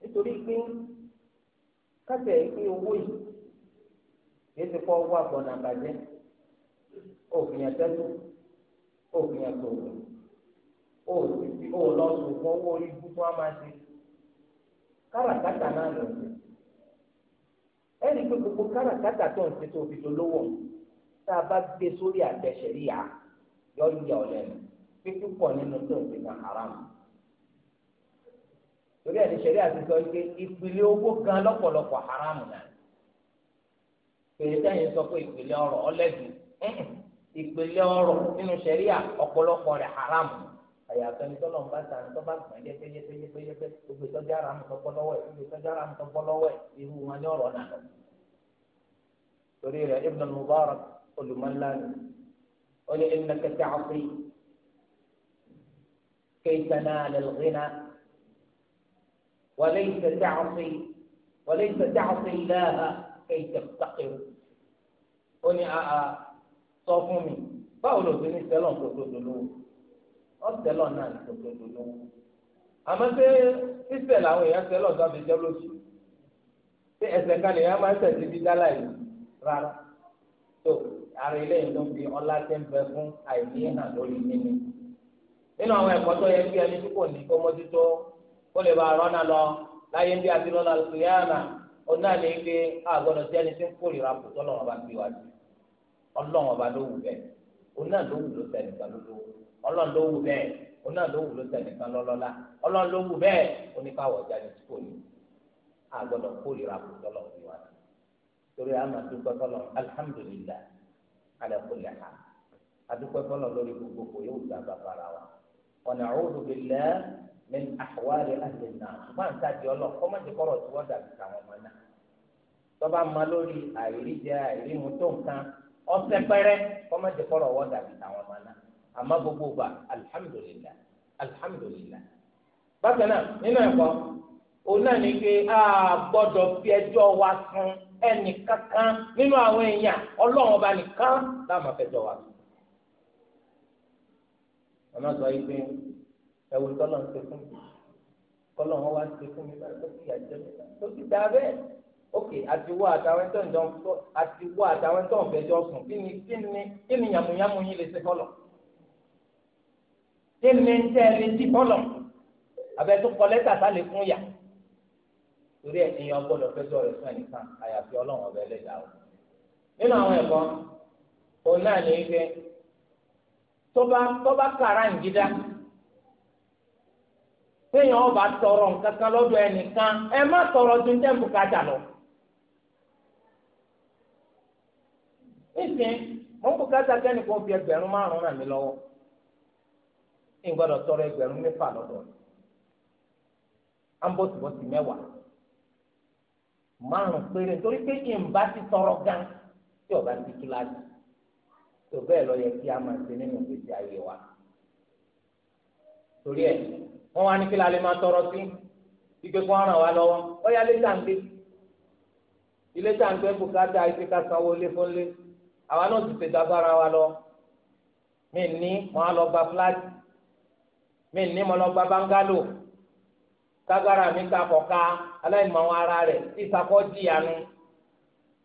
nítorí pé kásẹ̀ pé owó yìí kìí ti kọ́ wá gbọ́nà àbàjẹ́ òfin ẹ̀tẹ́tù òfin ẹ̀tọ́wò òsì tí ó lọ sùn fún owó orí gbogbo á máa ṣe káràkátà náà lọ sí ẹnì pé gbogbo káràkátà tó ń ṣe tó fi dolówó tá a bá gbé sórí àtẹ̀ṣẹ̀ríyà yọ yà ọ lẹ́nu pé púpọ̀ nínú tó ń ti kan haram torí ẹni ṣẹlẹ̀ àti sọ pé ìpìlẹ̀ owó gan lọ́pọ̀lọpọ̀ haram náà pèlè sẹ́yìn sọ pé ìpìlẹ̀ ọrọ̀ ọlẹdùn ìpìlẹ̀ ọrọ̀ nínú ṣẹlẹ̀ ọ̀pọ̀lọpọ̀ rẹ̀ haram àyàtọ̀ ní tọ́lọ̀ ń bá ta ní tọ́ba gbọ̀n yẹ́pẹ́ yẹ́pẹ́ yẹ́pẹ́ yẹ́pẹ́ gbogbo ìtọ́jú ara mi tọ́ bọ́ lọ́wọ́ gbogbo ìtọ́jú ara mi tọ́ bọ́ lọ́wọ́ irú wọn ní ọ̀rọ̀ náà lọ. torí rẹ̀ Ibn Mubarak olùmọ̀lá ni قل إنك تعصي كي تنال الغنى وليس تعصي وليس تعصي الله كي تفتقر قل أأ صوفني báwo ló ti ní sẹlọn tó tó dolówó ọsẹlọn náà ní tó tó dolówó ṣé sísẹ làwọn èèyàn sẹlọn tó fi jẹ lóṣù ṣé ẹsẹ̀ kan lèèyàn máa ń tẹsí bí dálà rárá tó ara ilé yìí ló ń fi ọlá tẹ́ ń bẹ fún àìní hàn lórí mímu. nínú àwọn ẹ̀kọ́ tó yẹ kí ẹni tí kò ní kó mójútó kó lè bá rọ́nà lọ láyé ń bí lọ́la náà lè gbé àgọ́dọ̀ ẹni tí ń kò bá gbé ló wù bẹ́ẹ̀ òun náà ló wù ló nìkan ọlọ́run ló wù bẹ́ẹ̀ òun náà ló wù ló nìkan lọ́lọ́lá ọlọ́run ló wù bẹ́ẹ̀ oníkàwọ̀ jáde tí kò ní àgọ́dọ̀ ala kulli hal adúpẹ́ fọlọ́ lórí gbogbo kò yóò gba bàbára wa ọ̀nà a'udhu billahi min ahwali ahli an-nar ṣùgbọ́n àǹtá di ọlọ́ kọ́mọ́tì kọ́rọ̀ tí wọ́n dàbí káwọn ọmọ náà tọ́ba ma lórí àìríjẹ àìrímu tó nǹkan ọ̀sẹ̀ pẹ́rẹ́ kọ́mọ́tì kọ́rọ̀ wọ́n dàbí káwọn ọmọ náà àmọ́ gbogbo gbà alhamdulilah alhamdulilah bákan náà nínú ẹ̀kọ́ òun náà ní pé a gbọ́dọ̀ wa sùn ẹnì kankan nínú àwọn èèyàn ọlọ́run ọba nìkan láàmú afẹ́jọ wa. màmá sọ yìí pé ẹ̀wù tọ́lọ̀ ń ṣe fún mi kọ́lọ̀ wọn wá ṣe fún mi báyìí tó fi àjẹ mi tó fi dá bẹ́ẹ̀ òkè àtiwọ àtàwọn ẹ̀tọ́ ìjọ àtiwọ àtàwọn ẹ̀tọ́ ìfẹ́jọ sùn kí ni kí ni kí ni yàmùyàmù yín lè ṣe kọ́lọ̀ kí ni ń tẹ́ ẹ lè ṣí kọ́lọ̀ àbẹ̀tún kọ́ sálẹ̀ fún yà. torí ẹ ìyẹn ọgbọ́dọ̀ fẹjọ́ rẹ̀ fún ẹnìkan àyàfi Ọlọ́run ọbẹ Ẹlẹ́dàá o nínú àwọn ẹ̀kọ́ òun náà ní ife tọba tọba kàrá ìgídá téèyàn ọba tọrọ nǹkan kan lọ́dọ̀ ẹnìkan ẹ má tọrọ ju ní kájà lọ. nísìnyí mo ń kó kájà kẹ́nìkan fi ẹgbẹ̀rún márùn-ún mí lọ́wọ́ tọrọ ẹgbẹ̀rún mẹ́fà lọ́dọ̀ rẹ̀ mẹ́wàá márùn péré torí pé ìǹbá ti tọrọ gan tí ọba ti tú láti tó bẹ́ẹ̀ lọ yẹ kí a máa ṣe nínú ìgbésí ayé wa torí ẹ wọn wá ní kí la lè máa tọrọ sí ike kó ràn wá lọ́wọ́ ó yá lẹ́tà ń gbé ilé ń gbé kó ká dá ife ká sanwó lé fún lé àwa náà ti ṣètò agbára wa lọ mí ní mo á lọ gba fúláàtì mí ní mo lọ gba báńgálò kágara mi ká kọ̀ka aláìmọ̀ àwọn ara rẹ̀ tí ìsakọ́ jìyànú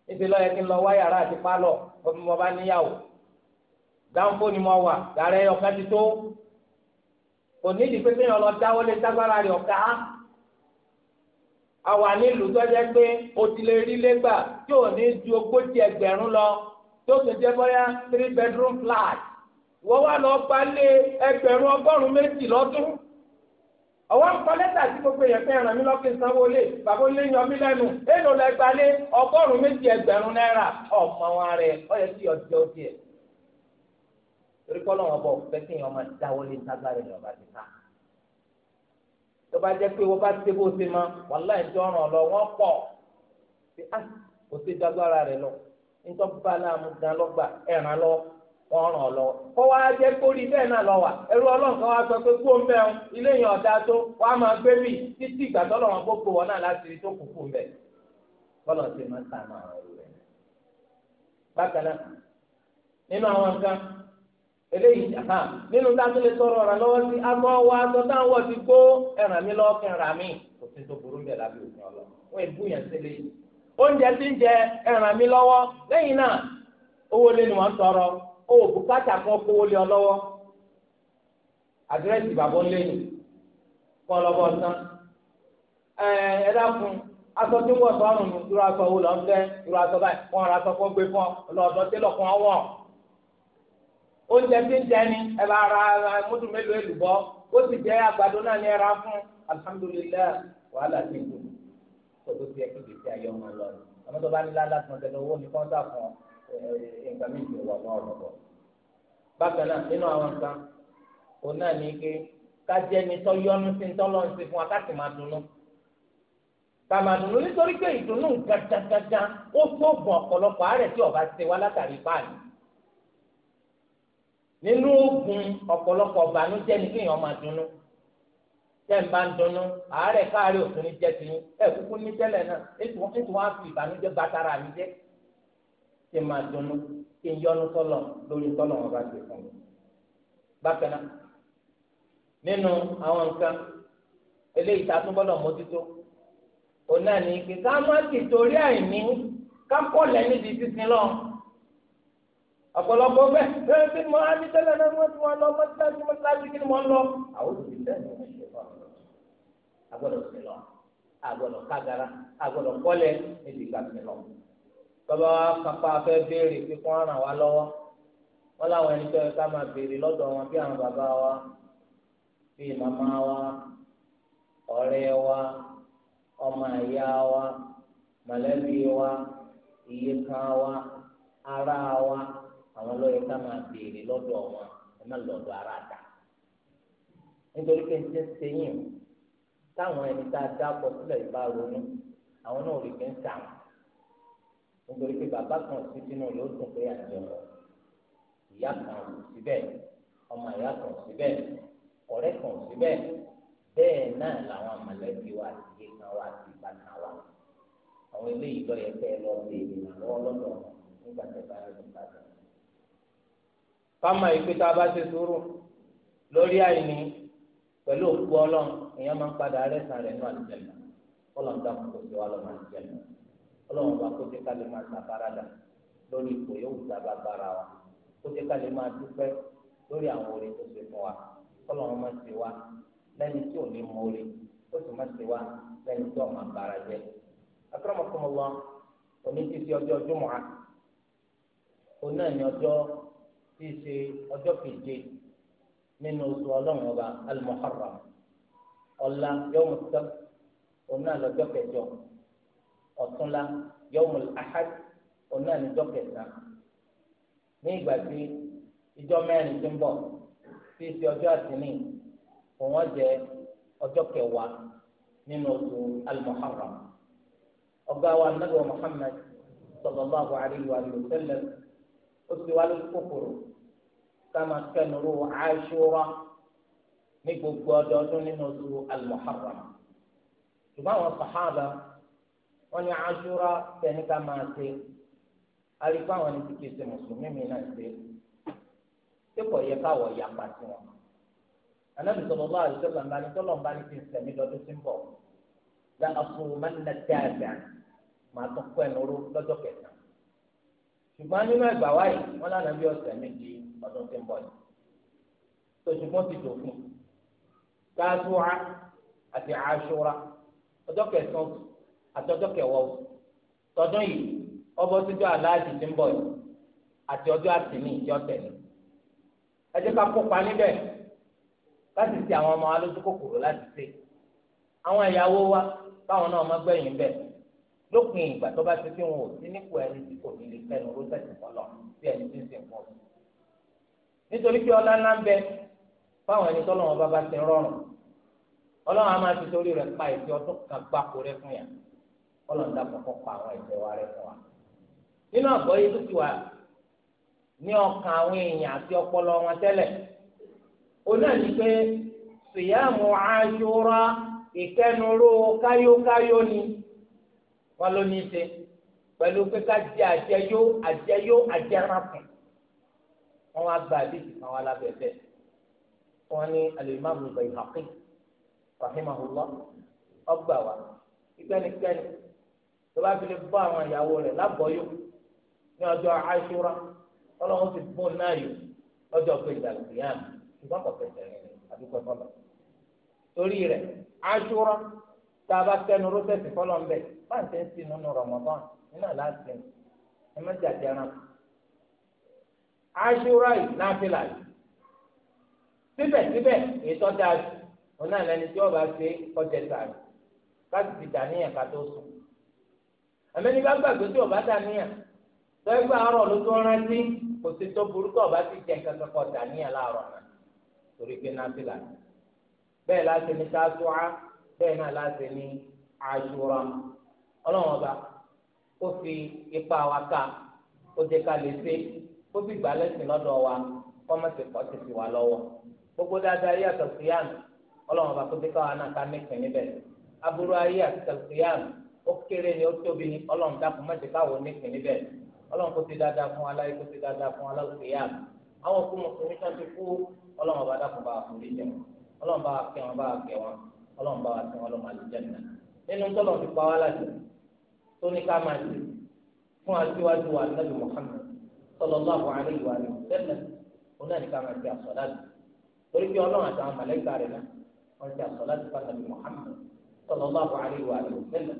níbi lọ́yẹ̀ kí n lọ wá yàrá àti pálọ̀ ọmọ mo bá níyàwó dáńfó ni mo wà yàrá ẹ̀ ọ̀ka ti tó kò ní ìdí pé kéèyàn lọ dáwọ́ lé tágbára rẹ̀ ọ̀ka àwa nílùú tó jẹ́ pé o ti lè rí lẹ́gbà tí ò ní ju ogójì ẹgbẹ̀rún lọ tó tún jẹ́ bóyá three bedroom flat wọ́n wá lọ gbalé ẹgbẹ̀rún ọgọ́rùn méjì lọ́dún ọwọ́ ń kọ lẹ́tà tí gbogbo èèyàn fẹ́ ràn mí lọ́kìn sanwó lé bàbá olè yan mí lẹ́nu èèlò lẹ́gbà lé ọgọ́rùn-ún méjì ẹgbẹ̀rún náírà ọ̀pọ̀ wọn rẹ̀ ọ yẹ kí ọjọ́ ó tiẹ̀. torí kọ́ lọ́wọ́ bọ̀ fẹ́ kí èèyàn máa dáwọ́ lé tágbára èèyàn bá ti ká. tó bá jẹ́ pé wọ́n bá ti bó ṣe mọ́ wàhálà ìjọ ràn lọ wọ́n pọ̀ ah, kò sí dágbára rẹ̀ lọ ọràn lọ kó wá jẹ́ kórìí bẹ́ẹ̀ náà lọ wà ẹrú ọlọ́run kan wá sọ pé kó ń ọ ilé yẹn ọ̀dà tó wá máa gbé bì títí ìgbà tọ́lọ̀ wọn kó kó wọn náà láti rí tó kù fún ti máa bákan náà nínú àwọn nǹkan eléyìí nínú sí agbọ wa wọ ti ẹràn mi kò sí tó burú òfin ọlọ wọn o ò bùkátà kan kówó lé ọ lọ́wọ́ àdírẹ́sì bàbá ń lẹ́yìn kọ́ lọ́bọ̀ tán ẹ dákun aṣọ tí wọ́n sọ ọ̀run irú aṣọ wo lọ́n fẹ́ irú aṣọ báyìí wọ́n ra aṣọ fún gbé fún ọ lọ́dọ̀ tẹ́lọ̀ fún ọ wọ̀n oúnjẹ tí ń jẹ ni ẹ bá ra múdù mélòó èlùbọ́ ó sì jẹ àgbàdo náà ní ẹra fún alihamudulilayi wàhálà ti ń gbòòrò kó tó ti ẹ kéde sí ayé ọmọ lọ àmọ́ tó bá ní lálásán tẹ́lẹ̀ owó ní kọ́ńtà fún ọ nǹkan méjì wà náà lọ́wọ́. bákan náà nínú àwọn nǹkan òun náà ní pé ká jẹ́ ni tó yọ́nú sí ń tọ́lọ́ sí fún wa ká sì máa dunnú. ká máa dunnú nítorí pé ìdùnnú gàdàgàdà ó tó bọ̀ ọ̀pọ̀lọpọ̀ àárẹ̀ tí ọba ṣe wá látàrí báàlì. nínú oògùn ọ̀pọ̀lọpọ̀ ọ̀bànújẹ́ ni kéèyàn máa dunnú tẹ́ǹbà ń dunnú àárẹ̀ káàárẹ̀ òtún ní jẹ́ ti yín ẹ̀ kúkú ní tẹ́lẹ̀ náà ètò wọn fi ìbànújẹ́ bàtàrà mi jẹ́ kí n máa dunnú kí n yọnu sọlọ lórí sọlọ wọn bá ti fún mi. bákan náà nínú àwọn nǹkan eléyìí tá a tún gbọ́dọ̀ mójútó òun náà ní pé ká má ti torí àìní ká kọ́ lẹ́ni di sísin lọ ọ̀pọ̀lọpọ̀ bẹ́ẹ̀ ẹ ṣe mọ adítẹ́lẹ̀ náà wọ́n ti wọn lọ mọ́tíláṣí mọ́tíláṣí kí ni wọ́n lọ. àwọn òbí lẹ́nu ẹ̀ fún àwọn ọ̀dọ́ agbọ́dọ̀ sí lọ agbọ́dọ̀ kágara agbọ́dọ̀ kọ́lẹ̀ níbi ìgbà sí lọ bàbá wa kápá fẹ́ béèrè pé kó ràn wá lọ́wọ́ wọn láwọn ẹni tó yẹ ká máa béèrè lọ́dọ̀ wọn bí àwọn bàbá wa bí màmá wa ọ̀rẹ́ wa ọmọ àyà wa mọ̀lẹ́bí wa ìyekan wa ará wa àwọn ló ká máa béèrè lọ́dọ̀ wọn ẹ má lọ́dọ̀ ara dà nítorí pé ṣe ń ṣe táwọn ẹni tá a dá pọ̀ sílẹ̀ ìbá ronú àwọn náà ò lè fi ń sàwọn nítorí pé bàbá kan sí sínú ló dùn pé àjọ lọ ìyá kan síbẹ̀ ọmọ ìyá kan síbẹ̀ ọ̀rẹ́ kan síbẹ̀ bẹ́ẹ̀ náà làwọn mọ̀lẹ́bí wa ti yé kan wa ti bá kan wa àwọn eléyìí lọ yẹ kẹ́ ẹ lọ béèrè lọ́wọ́ lọ́dọ̀ nígbà tẹ́ bá yẹ nígbà tẹ́. fáma ìpè tá a bá ṣe sùúrù lórí àìní pẹ̀lú òkú ọlọ́run èèyàn máa ń padà rẹ́sàn rẹ̀ nù àlùjẹ̀lẹ̀ kọ́lọ̀ ń ọlọ́run bá kó jẹ́ ká lè máa sàfaradà lórí ipò yóò wù sábà bára wa kó jẹ́ ká lè máa dúpẹ́ lórí àwọn oore tó ṣe fún wa ọlọ́run má ṣe wá lẹ́ni tí ò ní mọ oore ó sì má ṣe wá lẹ́ni tí ò máa bára jẹ́ akramakumullah òní ti fi ọjọ́ jùmọ̀á òun náà ní ọjọ́ tí í ṣe ọjọ́ keje nínú oṣù ọlọ́run ọba al-Muharram ọ̀la yọ̀ọ́mùsá òun náà lọ́jọ́ kẹjọ ọ̀túnla yọmul ahad ọ̀nà níjọ́ kẹta ní ìgbà tí ìjọ mẹ́rin ti ń bọ̀ sí ti ọjọ́ àtìní òun jẹ ọjọ́ kẹwàá nínú oṣù al-muharram ọgá wa nabi wa muhammad sallallahu alayhi wa sallam ó ti wá lórí kòkòrò káma kẹnuru aṣọra ní gbogbo ọdọọdún nínú oṣù al ṣùgbọ́n àwọn sàhábà. onye ní aṣúra tẹni ká máa ṣe arípa àwọn ẹni tí kìí ṣe mùsùlùmí ya pàṣẹ wọn. anábì sọ̀rọ̀ bá àlùsọ làǹbá ní tọ́lọ̀ ń ti ń sẹ̀mí lọ́dún tí ń bọ̀ máa na dáadáa máa tún ẹnu ró kẹta. nínú ẹgbà wáyé wọn bí mi di ọdún ń yìí. ti dòfin àti kẹsàn-án àtọ́jọ́ kẹwọ́ tọdún yi, ọbọ̀ síjọ́ aláàjì ti ń bọ̀ yìí ati ọjọ́ àtìní ìjọ tẹ̀lé ẹ jẹ́ ká kópa láti àwọn ọmọ wa kòkòrò láti ṣe àwọn ìyàwó wa báwọn náà má gbẹ̀yìn bẹ́ẹ̀ lópin ìgbà tó bá ti fi wọn ò sí nípò tí kò ní lè fẹnu ń sìn ọ. nítorí pé ọlá ńlá ń bẹ kọlọn dà kọkọ pa àwọn ẹ̀ṣẹ̀ wa rẹ́ fún wa nínú àgbọ́yé tó ti wà ní ọkàn àwọn èèyàn àti ọpọlọ wọn tẹ́lẹ̀ o náà ní pé sìyàmù àṣúra ìkẹnuró káyókáyó ni wọn ló ní í ṣe pẹ̀lú pé ká jẹ àjẹyó àjẹyó àjẹránkùn wọn wá gba àdéhùn àwọn alábẹbẹ wọn ní alimami Bayhaqi rahimahullah ọgbà wa ìgbẹnikẹni tó bá fi lè bọ́ àwọn ìyàwó rẹ̀ lábọ́yò ní ọjọ́ àṣúra ọlọ́run ti bọ́ náà yò lọ́jọ́ péjà kìíyàn ṣùgbọ́n kò péjà yẹn àdúgbò fọlọ́ torí rẹ̀ àṣúra tá a bá tẹnu rọ́sẹ̀tì fọlọ́ ń bẹ̀ bá ń tẹ́ ń sin nínú Ramadan nínú àlàáfíà ẹ má jàdí ara àṣúra yìí náfìlà yìí síbẹ̀síbẹ̀ ètò dáa ọ̀nà ìlànà tí ọba ṣe kọjá sáré láti ti dàníyàn ká tó sùn àmẹ́ni bá gbàgbé tí ọba dàníyà lọ́gbà àárọ̀ ló tó rántí kò sí tó burúkú ọba ti jẹ kankan kọ dàníyà láàárọ̀ náà torí pé náfìlà bẹ́ẹ̀ láti ní tásùá bẹ́ẹ̀ náà láti ní àṣùrà ọlọ́run ọba ó fi ipa wa ká ó jẹ́ ká lè ṣe ó sì gbà lẹ́sìn lọ́dọ̀ wa kọ́mọ̀sì kọ́ ti fi wà lọ́wọ́ gbogbo dáadáa ayé àtọ̀síyàn ọlọ́run ọba kó jẹ́ káwa náà ká nípìn ó kéré ni ó tóbi ni ọlọ́run dákun má ti káwọ́ nípìn níbẹ̀ ọlọ́run kó ti dáadáa fún aláyé kó ti dáadáa fún aláwòkéyà àwọn òkú mùsùlùmí kan ti kú ọlọ́run bá dákun bá àkùnrí jẹ wọn ọlọ́run bá kẹ wọn bá kẹ wọn ọlọ́run bá wà sí wọn lọ́mọ àlùjẹ́nà nínú tọ́lọ̀ fi pa wá láti tó ní ká máa ṣe fún aṣíwájú wa nàbì Muhammad sallallahu alaihi wa sallam òun náà ní ká máa ṣe àsọ̀láàdì torí pé ọlọ́run àtàwọn mọ̀lẹ́kà rẹ̀ náà wọ́n ṣe àsọ̀láàdì fún nàbì Muhammad sallallahu alaihi wa sallam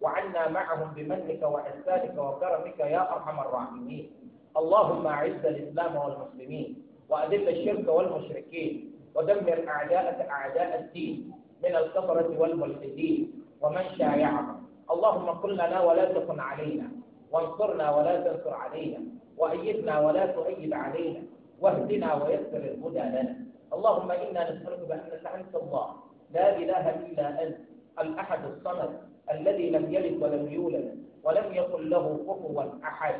وعنا معهم بمنك وإحسانك وكرمك يا أرحم الراحمين اللهم أعز الإسلام والمسلمين وأذل الشرك والمشركين ودمر أعداء أعداء الدين من الكفرة والملحدين ومن شايعهم اللهم كن لنا ولا تكن علينا وانصرنا ولا تنصر علينا وأيدنا ولا تؤيد علينا واهدنا ويسر الهدى لنا اللهم إنا نسألك بأنك أنت الله لا إله إلا أنت الأحد الصمد الذي لم يلد ولم يولد ولم يكن له كفوا أحد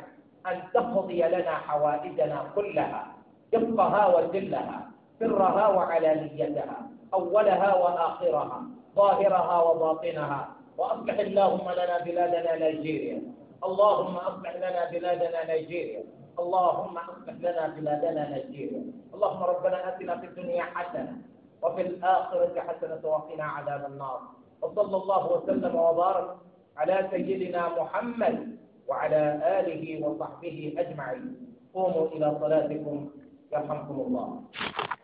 أن تقضي لنا حوائجنا كلها دقها وجلها سرها وعلانيتها أولها وآخرها ظاهرها وباطنها وأصلح اللهم لنا بلادنا نيجيريا اللهم أصلح لنا بلادنا نيجيريا اللهم أصلح لنا بلادنا نيجيريا اللهم ربنا آتنا في الدنيا حسنة وفي الآخرة حسنة وقنا عذاب النار وصلى الله وسلم وبارك على سيدنا محمد وعلى آله وصحبه أجمعين قوموا إلى صلاتكم يرحمكم الله